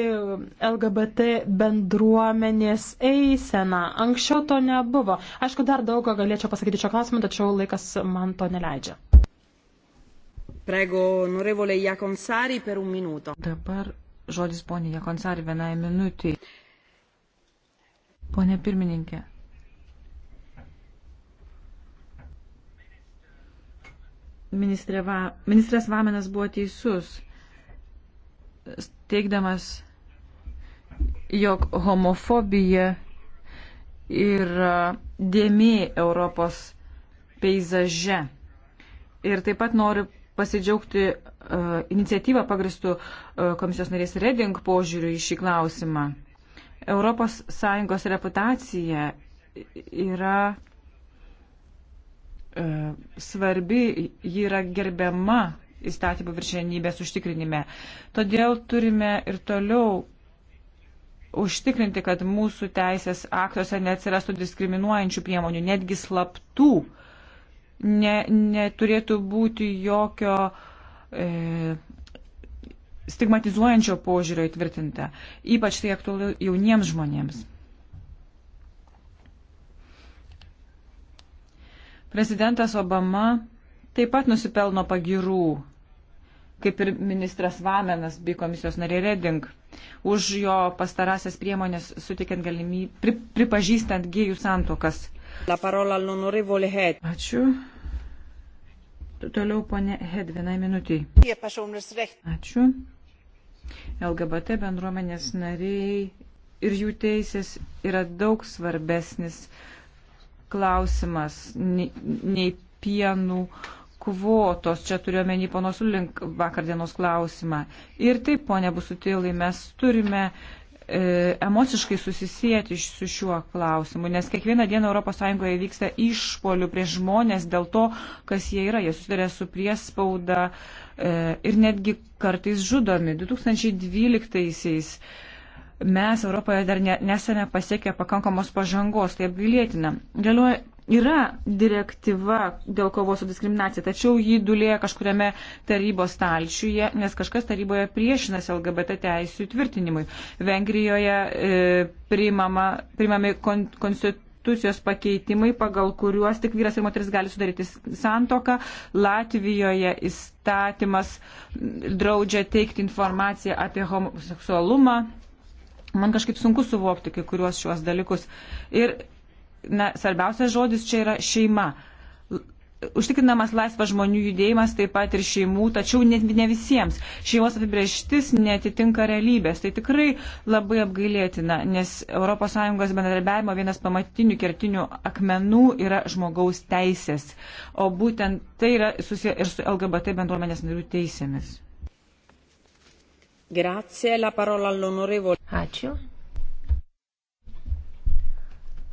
LGBT bendruomenės eiseną. Anksčiau to nebuvo. Aišku, dar daug ką galėčiau pasakyti šio klausimu, tačiau laikas man to neleidžia. Prego, onorevole Jakonsari, per un minuto. Dabar žodis ponė Jakonsari vienai minutiai. Pone pirmininkė. Va, ministras Vamenas buvo teisus, teikdamas, jog homofobija yra dėmė Europos peizaže. Ir taip pat noriu pasidžiaugti e, iniciatyvą pagristų e, komisijos narės Reding požiūrių į šį klausimą. ES reputacija yra e, svarbi, ji yra gerbiama įstatymų viršienybės užtikrinime. Todėl turime ir toliau užtikrinti, kad mūsų teisės aktuose neatsirastų diskriminuojančių priemonių, netgi slaptų uh, ne, neturėtų būti jokio e, stigmatizuojančio požiūrio įtvirtinta. Ypač tai aktualu jauniems žmonėms. Prezidentas Obama taip pat nusipelno pagirų, kaip ir ministras Vamenas bei komisijos narė Reding, už jo pastarasias priemonės sutikiant galimybę, pri, pripažįstant gėjų santokas. Ačiū. Toliau ponė Hedvinai minutiai. Ačiū. LGBT bendruomenės nariai ir jų teisės yra daug svarbesnis klausimas nei pienų kvotos. Čia turiuomenį ponos Link vakardienos klausimą. Ir taip, ponė Busutilai, mes turime E, emociškai susisijęti su šiuo klausimu, nes kiekvieną dieną ES vyksta išpolių prieš žmonės dėl to, kas jie yra. Jie susiduria su priespauda e, ir netgi kartais žudomi. 2012-aisiais mes Europoje dar ne, nesame pasiekę pakankamos pažangos, tai apgailėtina. Galioja Yra direktyva dėl kovos su diskriminacija, tačiau jį dulėja kažkuriame tarybos talčiuje, nes kažkas taryboje priešinasi LGBT teisų įtvirtinimui. Vengrijoje e, priimama, priimami kon, konstitucijos pakeitimai, pagal kuriuos tik vyras ir moteris gali sudaryti santoką. Latvijoje įstatymas draudžia teikti informaciją apie homoseksualumą. Man kažkaip sunku suvokti kai kuriuos šiuos dalykus. Ir na, svarbiausias žodis čia yra šeima. Užtikrinamas laisvas žmonių judėjimas taip pat ir šeimų, tačiau ne, ne visiems. Šeimos apibrieštis netitinka realybės. Tai tikrai labai apgailėtina, nes ES bendradarbiavimo vienas pamatinių kertinių akmenų yra žmogaus teisės. O būtent tai yra susiję ir su LGBT bendruomenės narių teisėmis. Grazie, Ačiū.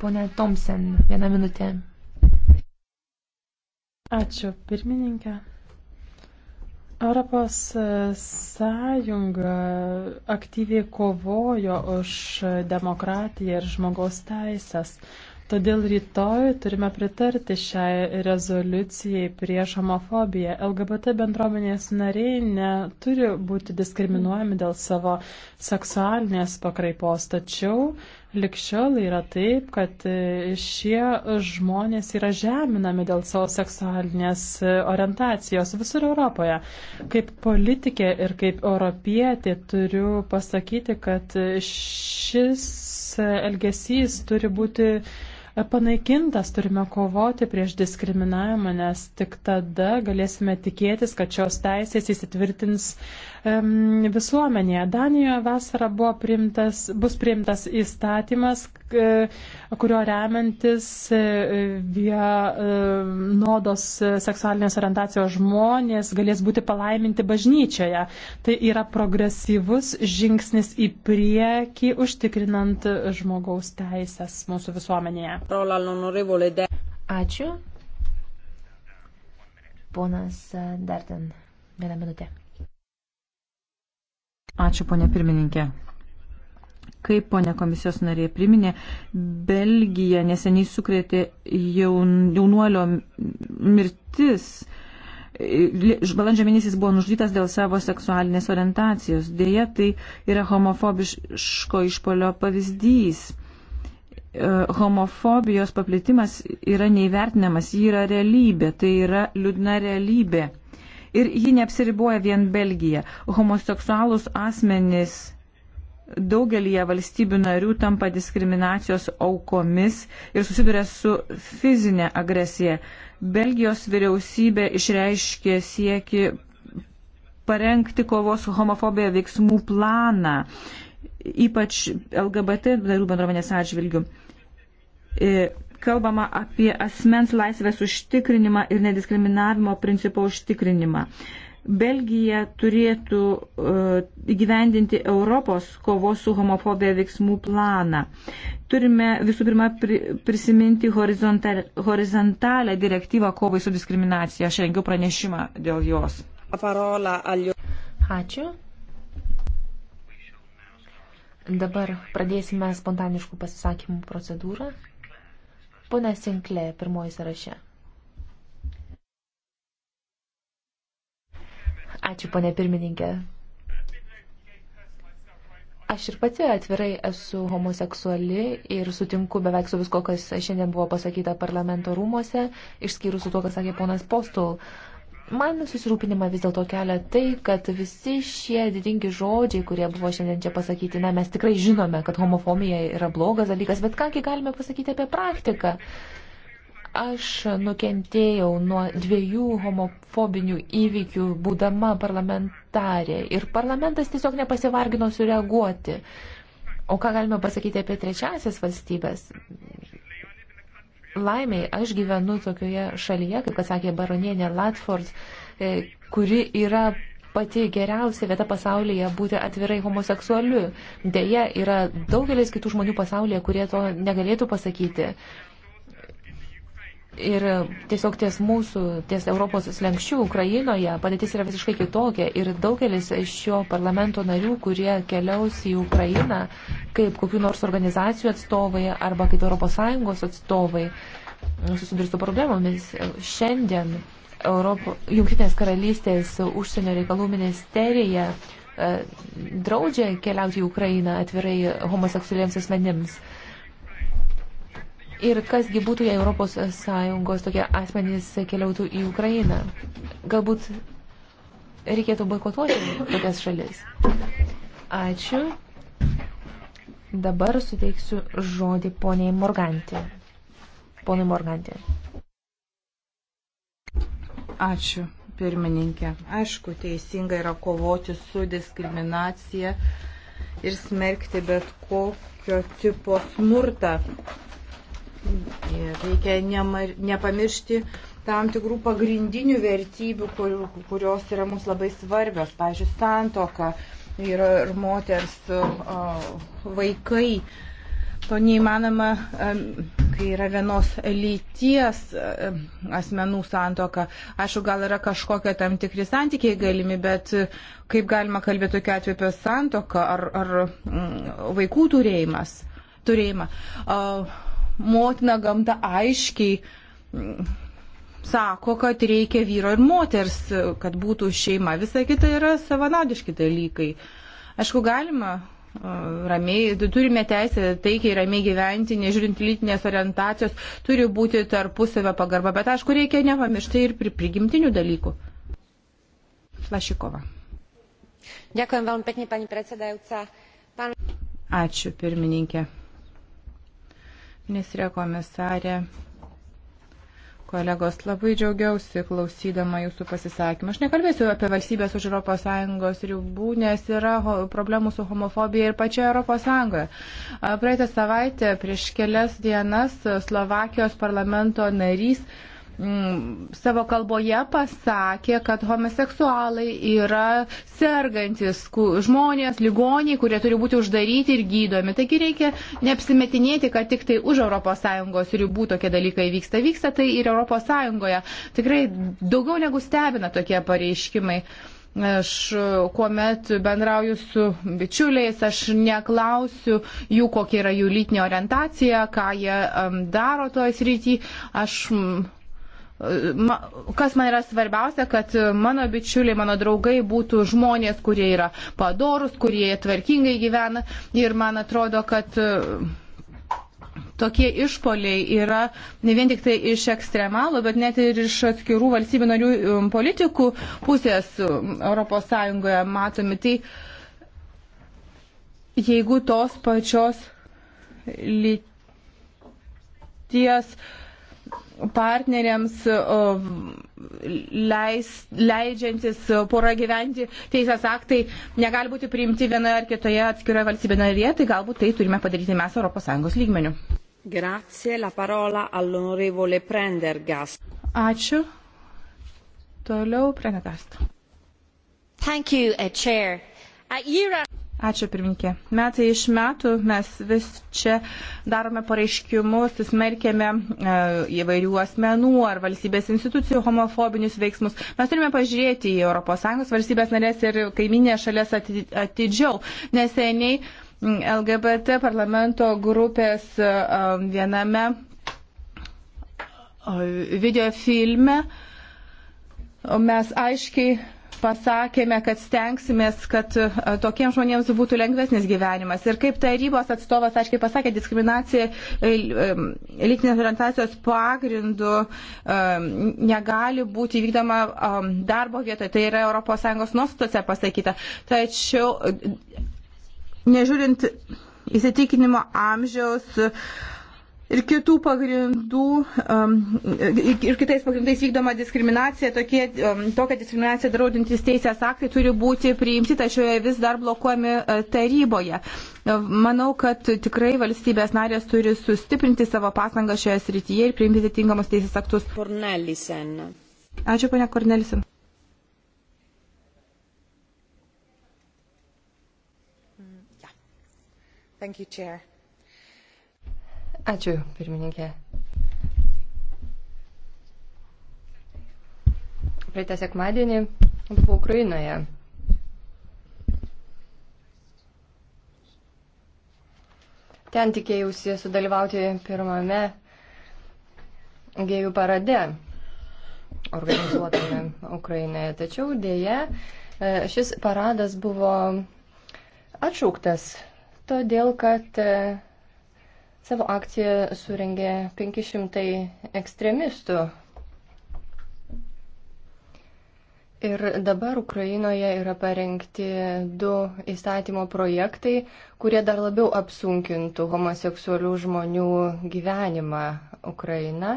Pone Thompson, vieną minutę. Ačiū, pirmininkė. Europos Sąjunga aktyviai kovojo už demokratiją ir žmogaus teisės. Todėl rytoj turime pritarti šiai rezoliucijai prieš homofobiją. LGBT bendruomenės nariai neturi būti diskriminuojami dėl savo seksualinės pakraipos, tačiau likščiol yra taip, kad šie žmonės yra žeminami dėl savo seksualinės orientacijos visur Europoje. Kaip politikė ir kaip europietė turiu pasakyti, kad šis elgesys turi būti panaikintas, turime kovoti prieš diskriminavimą, nes tik tada galėsime tikėtis, kad šios teisės įsitvirtins um, visuomenėje. Danijoje vasarą priimtas, bus priimtas įstatymas, e, kurio remiantis e, vienodos seksualinės orientacijos žmonės galės būti palaiminti bažnyčioje. Tai yra progresyvus žingsnis į priekį, užtikrinant žmogaus teisės mūsų visuomenėje. Ačiū. Ponas Darten, vieną minutę. Ačiū, ponė pirmininkė. Kaip ponė komisijos narė priminė, Belgija neseniai sukrėtė jaun, jaunuolio mirtis. Balandžio mėnesis buvo nužudytas dėl savo seksualinės orientacijos. Deja, tai yra homofobiško išpolio pavyzdys. E, homofobijos paplitimas yra neįvertinamas, ji yra realybė, tai yra liūdna realybė. Ir ji neapsiriboja vien Belgija. Homoseksualus asmenys daugelį valstybių narių tampa diskriminacijos aukomis ir susiduria su fizinė agresija. Belgijos vyriausybė išreiškė sieki parengti kovos su homofobija veiksmų planą ypač LGBT dalių bendruomenės atžvilgių. E, kalbama apie asmens laisvės užtikrinimą ir nediskriminavimo principo užtikrinimą. Belgija turėtų e, įgyvendinti Europos kovos su homofobija veiksmų planą. Turime visų pirma pri, prisiminti horizontal, horizontalę direktyvą kovai su diskriminacija. Aš rengiu pranešimą dėl jos. Ačiū. Dabar pradėsime spontaniškų pasisakymų procedūrą. Pone Sinklė, pirmoji sąraše. Ačiū, ponė pirmininkė. Aš ir pati atvirai esu homoseksuali ir sutinku beveik su visko, kas šiandien buvo pasakyta parlamento rūmose, išskyrus su to, kas sakė ponas Postul. Uh, Man susirūpinimą vis dėlto kelia tai, kad visi šie didingi žodžiai, kurie buvo šiandien čia pasakyti, na, mes tikrai žinome, kad homofobija yra blogas dalykas, bet kągi galime pasakyti apie praktiką. Aš nukentėjau nuo dviejų homofobinių įvykių, būdama parlamentarė, ir parlamentas tiesiog nepasivargino sureaguoti. O ką galime pasakyti apie trečiasias valstybės? Laimiai, aš gyvenu tokioje šalyje, kaip kad sakė baronienė Latford, e, kuri yra pati geriausia vieta pasaulyje būti atvirai homoseksualiu. Deja, yra daugelis kitų žmonių pasaulyje, kurie to negalėtų pasakyti. Ir tiesiog ties mūsų, ties Europos slengščių Ukrainoje padėtis yra visiškai kitokia ir daugelis šio parlamento narių, kurie keliaus į Ukrainą kaip kokių nors organizacijų atstovai arba kaip ES atstovai susidurs su problemomis. Šiandien Europo, Junktinės karalystės užsienio reikalų ministerija e, draudžia keliauti į Ukrainą atvirai homoseksualiems asmenims. Ir kasgi būtų, jei ES tokie asmenys keliautų į Ukrainą? Galbūt reikėtų boikotuoti tokias šalis. Ačiū. Dabar suteiksiu žodį poniai Morganti. Ponai Morganti. Ačiū, pirmininkė. Aišku, teisinga yra kovoti su diskriminacija ir smerkti bet kokio tipo smurtą Reikia nepamiršti tam tikrų pagrindinių vertybių, kurios yra mums labai svarbios. Pavyzdžiui, santoka yra ir moters vaikai. To neįmanoma, kai yra vienos lyties asmenų santoka. Aišku, gal yra kažkokie tam tikri santykiai galimi, bet kaip galima kalbėti tokiu atveju apie santoką ar, ar vaikų turėjimas, turėjimą. Uh, motina gamta aiškiai mm, sako, kad reikia vyro ir moters, kad būtų šeima. Visa kita yra savanadiški dalykai. Aišku, galima uh, ramiai, turime teisę taikiai ramiai gyventi, nežiūrint lytinės orientacijos, turi būti tarpusavio pagarba, bet aišku, reikia nepamiršti ir prigimtinių dalykų. Flašikova. Dėkuojam vėl pekni, pani predsedajúca. Pan... Ačiū, pirmininkė. Ministrė komisarė, kolegos, labai džiaugiausi klausydama jūsų pasisakymą. Aš nekalbėsiu apie valstybės už ES ribų, nes yra problemų su homofobija ir pačioje ES. Praeitą savaitę, prieš kelias dienas, Slovakijos parlamento narys m, mm, savo kalboje pasakė, kad homoseksualai yra sergantis žmonės, ligoniai, kurie turi būti uždaryti ir gydomi. Taigi reikia neapsimetinėti, kad tik tai už ES ribų tokie dalykai vyksta. Vyksta tai ir ES. Tikrai daugiau negu stebina tokie pareiškimai. Aš kuomet bendrauju su bičiuliais, aš neklausiu jų, kokia yra jų lytinė orientacija, ką jie um, daro toje srityje. Aš mm, kas man yra svarbiausia, kad mano bičiuliai, mano draugai būtų žmonės, kurie yra padorus, kurie tvarkingai gyvena ir man atrodo, kad e, tokie išpoliai yra ne vien tik tai iš ekstremalų, bet net ir iš atskirų valstybių narių e, politikų pusės ES matomi. Tai jeigu tos pačios lyties uh, partneriams leis, leidžiantis porą gyventi teisės aktai negali būti priimti vienoje ar kitoje atskiroje valstybėje narėje, tai galbūt tai turime padaryti mes ES lygmenių. Grazie, la parola all'onorevole Prendergast. Ačiū. Toliau Prendergast. Thank you, uh, Chair. At year... Ačiū pirminkė. Metai iš metų mes vis čia darome pareiškimus, susmerkėme e, įvairių asmenų ar valstybės institucijų homofobinius veiksmus. Mes turime pažiūrėti į ES valstybės narės ir kaiminės šalies atidžiau. Neseniai LGBT parlamento grupės e, viename e, videofilme mes aiškiai pasakėme, kad stengsimės, kad e, tokiems žmonėms būtų lengvesnis gyvenimas. Ir kaip tarybos atstovas, aiškiai pasakė, diskriminacija e, e, lytinės orientacijos pagrindu negali būti vykdoma darbo vietoje. Tai yra ES nuostatose pasakyta. Tačiau, nežiūrint įsitikinimo amžiaus, ir kitų pagrindų, um, ir kitais pagrindais vykdoma diskriminacija, tokie, um, tokia diskriminacija draudintys teisės aktai turi būti priimti, tačiau jie vis dar blokuojami e, taryboje. E, manau, kad tikrai valstybės narės turi sustiprinti savo pasangą šioje srityje ir priimti atitinkamus teisės aktus. Kornelisen. Ačiū, ponia Kornelisen. Mm, Thank you, Chair. Ačiū, pirmininkė. Praeitą sekmadienį buvau Ukrainoje. Ten tikėjausi sudalyvauti pirmame gėjų parade organizuotame Ukrainoje. Tačiau dėje šis paradas buvo atšauktas, todėl kad Savo akciją surengė 500 ekstremistų. Ir dabar Ukrainoje yra parengti du įstatymo projektai, kurie dar labiau apsunkintų homoseksualių žmonių gyvenimą Ukraina.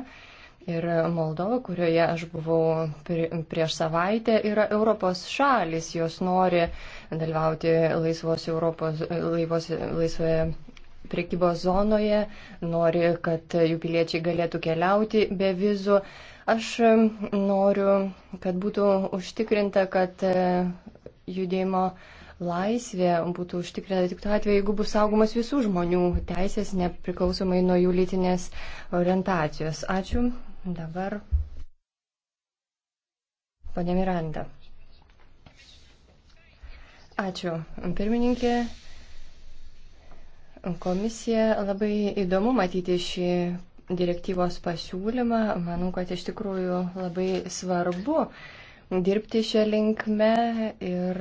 Ir Moldova, kurioje aš buvau prieš savaitę, yra Europos šalis, jos nori dalyvauti laisvos Europos, laivos, laisvoje priekybos zonoje, nori, kad jų piliečiai galėtų keliauti be vizų. Aš noriu, kad būtų užtikrinta, kad e, judėjimo laisvė būtų užtikrinta tik tuo atveju, jeigu bus saugomas visų žmonių teisės, nepriklausomai nuo jų lytinės orientacijos. Ačiū. Dabar. Pane Miranda. Ačiū. Pirmininkė, Komisija labai įdomu matyti šį direktyvos pasiūlymą. Manau, kad iš tikrųjų labai svarbu dirbti šią linkmę ir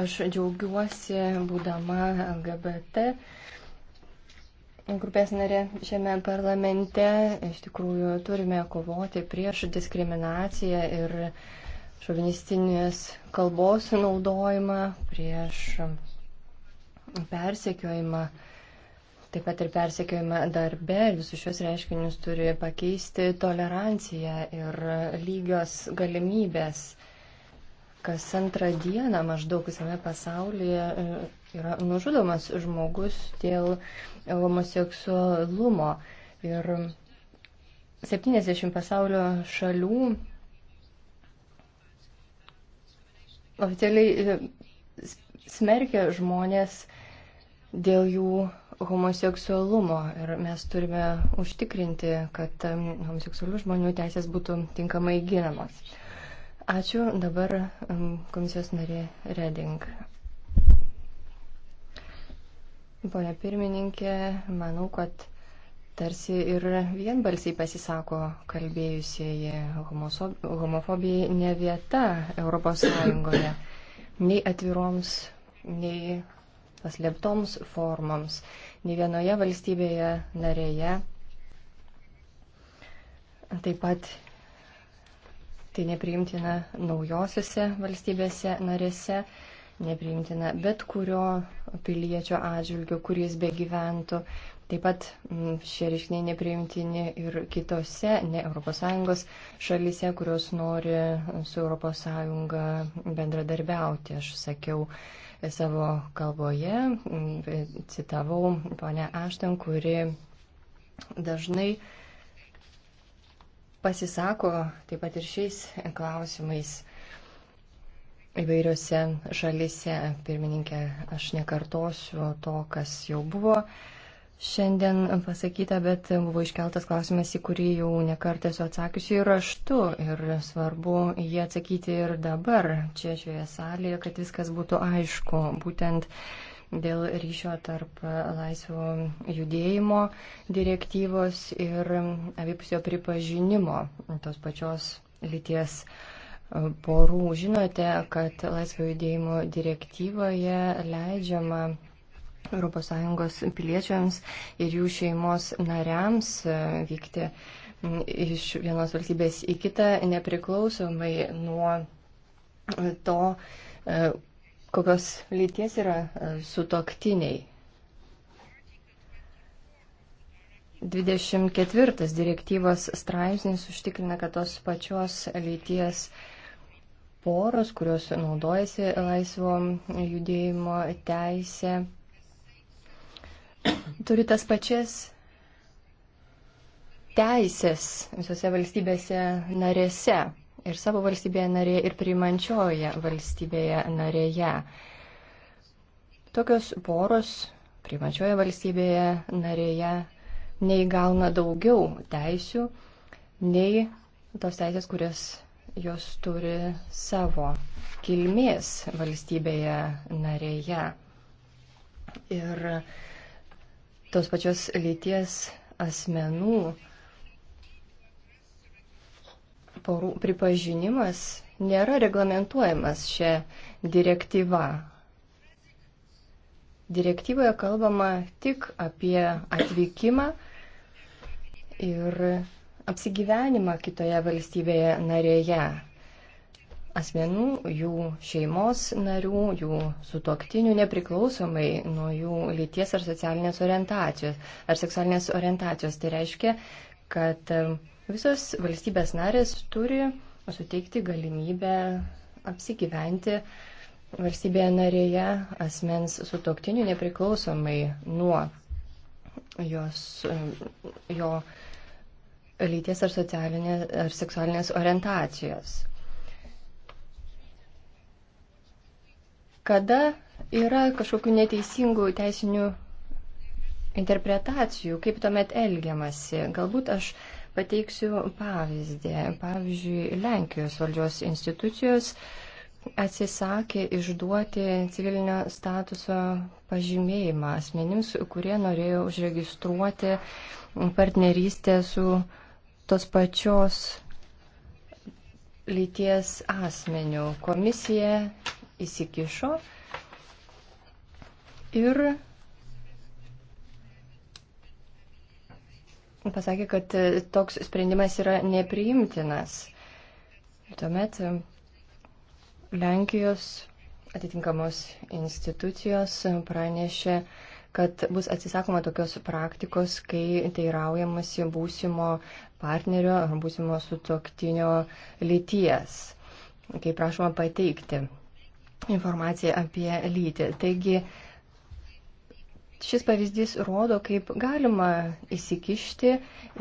aš džiaugiuosi, būdama LGBT grupės narė šiame parlamente. Iš tikrųjų turime kovoti prieš diskriminaciją ir šovinistinės kalbos naudojimą, prieš persekiojimą, taip pat ir persekiojimą darbe. Ir visus šios reiškinius turi pakeisti tolerancija ir lygios galimybės. Kas antrą dieną maždaug visame pasaulyje e, yra nužudomas žmogus dėl homoseksualumo. Ir 70 pasaulio šalių oficialiai e, smerkia žmonės dėl jų homoseksualumo ir mes turime užtikrinti, kad homoseksualių žmonių teisės būtų tinkamai ginamos. Ačiū dabar um, komisijos narė Reding. Pone pirmininkė, manau, kad tarsi ir vienbalsiai pasisako kalbėjusieji homofobijai ne vieta ES, nei atviroms, nei paslėptoms formoms. Ne vienoje valstybėje narėje taip pat tai nepriimtina naujosiose valstybėse narėse, nepriimtina bet kurio piliečio atžvilgiu, kuris begyventų. Taip pat mm, šie reiškiniai nepriimtini ir kitose, ne ES šalise, kurios nori su ES bendradarbiauti. Aš sakiau savo kalboje citavau ponę Ašten, kuri dažnai pasisako taip pat ir šiais klausimais įvairiose šalise. Pirmininkė, aš nekartosiu to, kas jau buvo šiandien pasakyta, bet buvo iškeltas klausimas, į kurį jau nekartą esu atsakiusi ir raštu. Ir svarbu jį atsakyti ir dabar, čia šioje salėje, kad viskas būtų aišku. Būtent dėl ryšio tarp laisvo judėjimo direktyvos ir abipusio pripažinimo tos pačios lyties porų. Žinote, kad laisvo judėjimo direktyvoje leidžiama ES piliečiams ir jų šeimos nariams e, vykti iš vienos valstybės į kitą nepriklausomai nuo e, to, e, kokios lyties yra sutoktiniai. 24 direktyvos straipsnis užtikrina, kad tos pačios lyties poros, kurios naudojasi laisvo judėjimo teisė, turi tas pačias teisės visose valstybėse narėse ir savo valstybėje narėje ir priimančioje valstybėje narėje. Tokios poros priimančioje valstybėje narėje neįgauna daugiau teisių nei tos teisės, kurias jos turi savo kilmės valstybėje narėje. Ir uh, tos pačios lyties asmenų porų pripažinimas nėra reglamentuojamas šią direktyvą. Direktyvoje kalbama tik apie atvykimą ir apsigyvenimą kitoje valstybėje narėje asmenų, jų šeimos narių, jų sutoktinių nepriklausomai nuo jų lyties ar socialinės orientacijos ar seksualinės orientacijos. Tai reiškia, kad e, visos valstybės narės turi suteikti galimybę apsigyventi valstybėje narėje asmens sutoktinių nepriklausomai nuo jos, e, jo lyties ar, ar seksualinės orientacijos. kada yra kažkokių neteisingų teisinių interpretacijų, kaip tuomet elgiamasi. Galbūt aš pateiksiu pavyzdį. Pavyzdžiui, Lenkijos valdžios institucijos atsisakė išduoti civilinio statuso pažymėjimą asmenims, kurie norėjo užregistruoti partnerystę su tos pačios lyties asmeniu. Komisija įsikišo ir pasakė, kad e, toks sprendimas yra nepriimtinas. Tuomet e, Lenkijos atitinkamos institucijos pranešė, kad bus atsisakoma tokios praktikos, kai teiraujamasi būsimo partnerio ar būsimo sutoktinio lyties, kai prašoma pateikti informaciją apie lytį. Taigi šis pavyzdys rodo, kaip galima įsikišti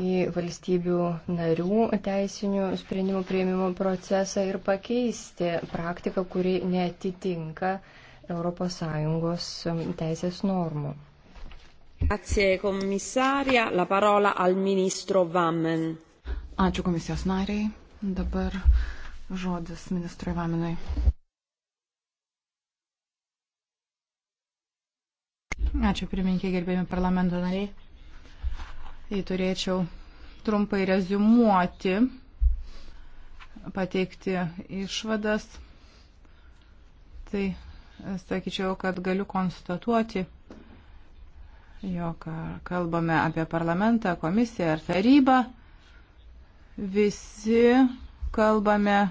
į valstybių narių teisinių sprendimų prieimimo procesą ir pakeisti praktiką, kuri netitinka ES teisės normų. Grazie komisarija, la parola al ministro Vammen. Ačiū komisijos nariai. Dabar žodis ministrui Vaminui. Ačiū pirmininkė, gerbėjami parlamento nariai. Tai turėčiau trumpai rezumuoti, pateikti išvadas. Tai sakyčiau, kad galiu konstatuoti, jog kalbame apie parlamentą, komisiją ar tarybą, visi kalbame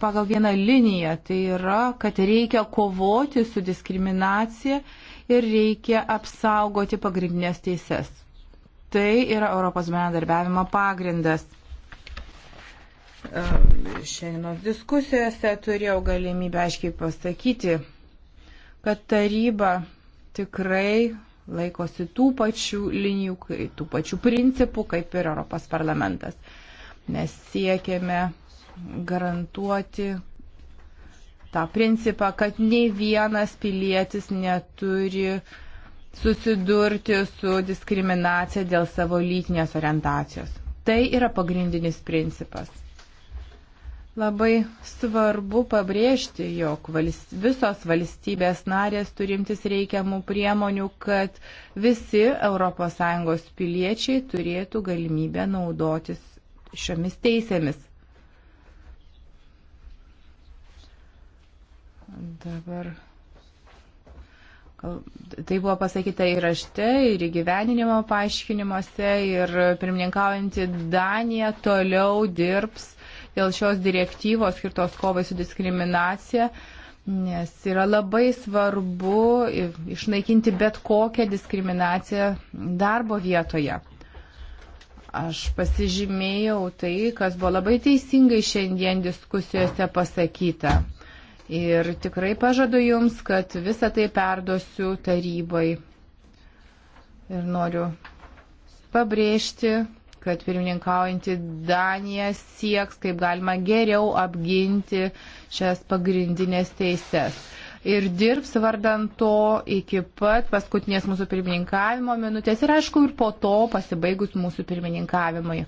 pagal vieną liniją. Tai yra, kad reikia kovoti su diskriminacija ir reikia apsaugoti pagrindinės teises. Tai yra Europos bendradarbiavimo pagrindas ehm, šiandienos diskusijose turėjau galimybę aiškiai pasakyti, kad taryba tikrai laikosi tų pačių linijų, tų pačių principų, kaip ir Europos parlamentas. Mes siekėme garantuoti tą principą, kad nei vienas pilietis neturi susidurti su diskriminacija dėl savo lytinės orientacijos. Tai yra pagrindinis principas. Labai svarbu pabrėžti, jog valst, visos valstybės narės turimtis reikiamų priemonių, kad visi ES piliečiai turėtų galimybę naudotis šiomis teisėmis. Dabar. Tai buvo pasakyta ir rašte, ir įgyveninimo paaiškinimuose, ir pirmininkaujantį Daniją toliau dirbs dėl šios direktyvos skirtos kovai su diskriminacija, nes yra labai svarbu išnaikinti bet kokią diskriminaciją darbo vietoje. Aš pasižymėjau tai, kas buvo labai teisingai šiandien diskusijose pasakyta. Ir tikrai pažadu Jums, kad visą tai perduosiu tarybai. Ir noriu pabrėžti, kad pirmininkaujantį Daniją sieks, kaip galima geriau apginti šias pagrindinės teises. Ir dirbs vardant to iki pat paskutinės mūsų pirmininkavimo minutės ir aišku ir po to pasibaigus mūsų pirmininkavimui.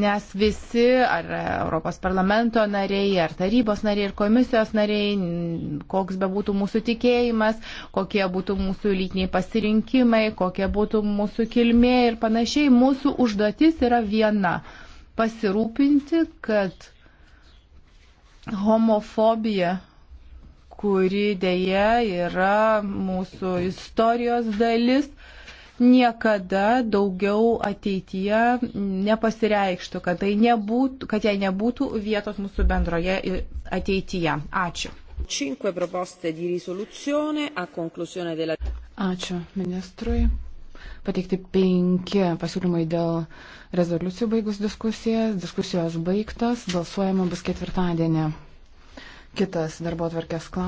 nes visi, ar Europos parlamento nariai, ar tarybos nariai, ir komisijos nariai, koks be būtų mūsų tikėjimas, kokie būtų mūsų lytiniai pasirinkimai, kokie būtų mūsų kilmė ir panašiai, mūsų užduotis yra viena - pasirūpinti, kad homofobija kuri dėja yra mūsų istorijos dalis, niekada daugiau ateityje nepasireikštų, kad, tai nebūtų, kad jai nebūtų vietos mūsų bendroje ateityje. Ačiū. Ačiū ministrui. Pateikti penki pasiūlymai dėl rezoliucijų baigus diskusijas. Diskusijos baigtas. Balsuojama bus ketvirtadienį. Kitas darbo atvarkės klausimas.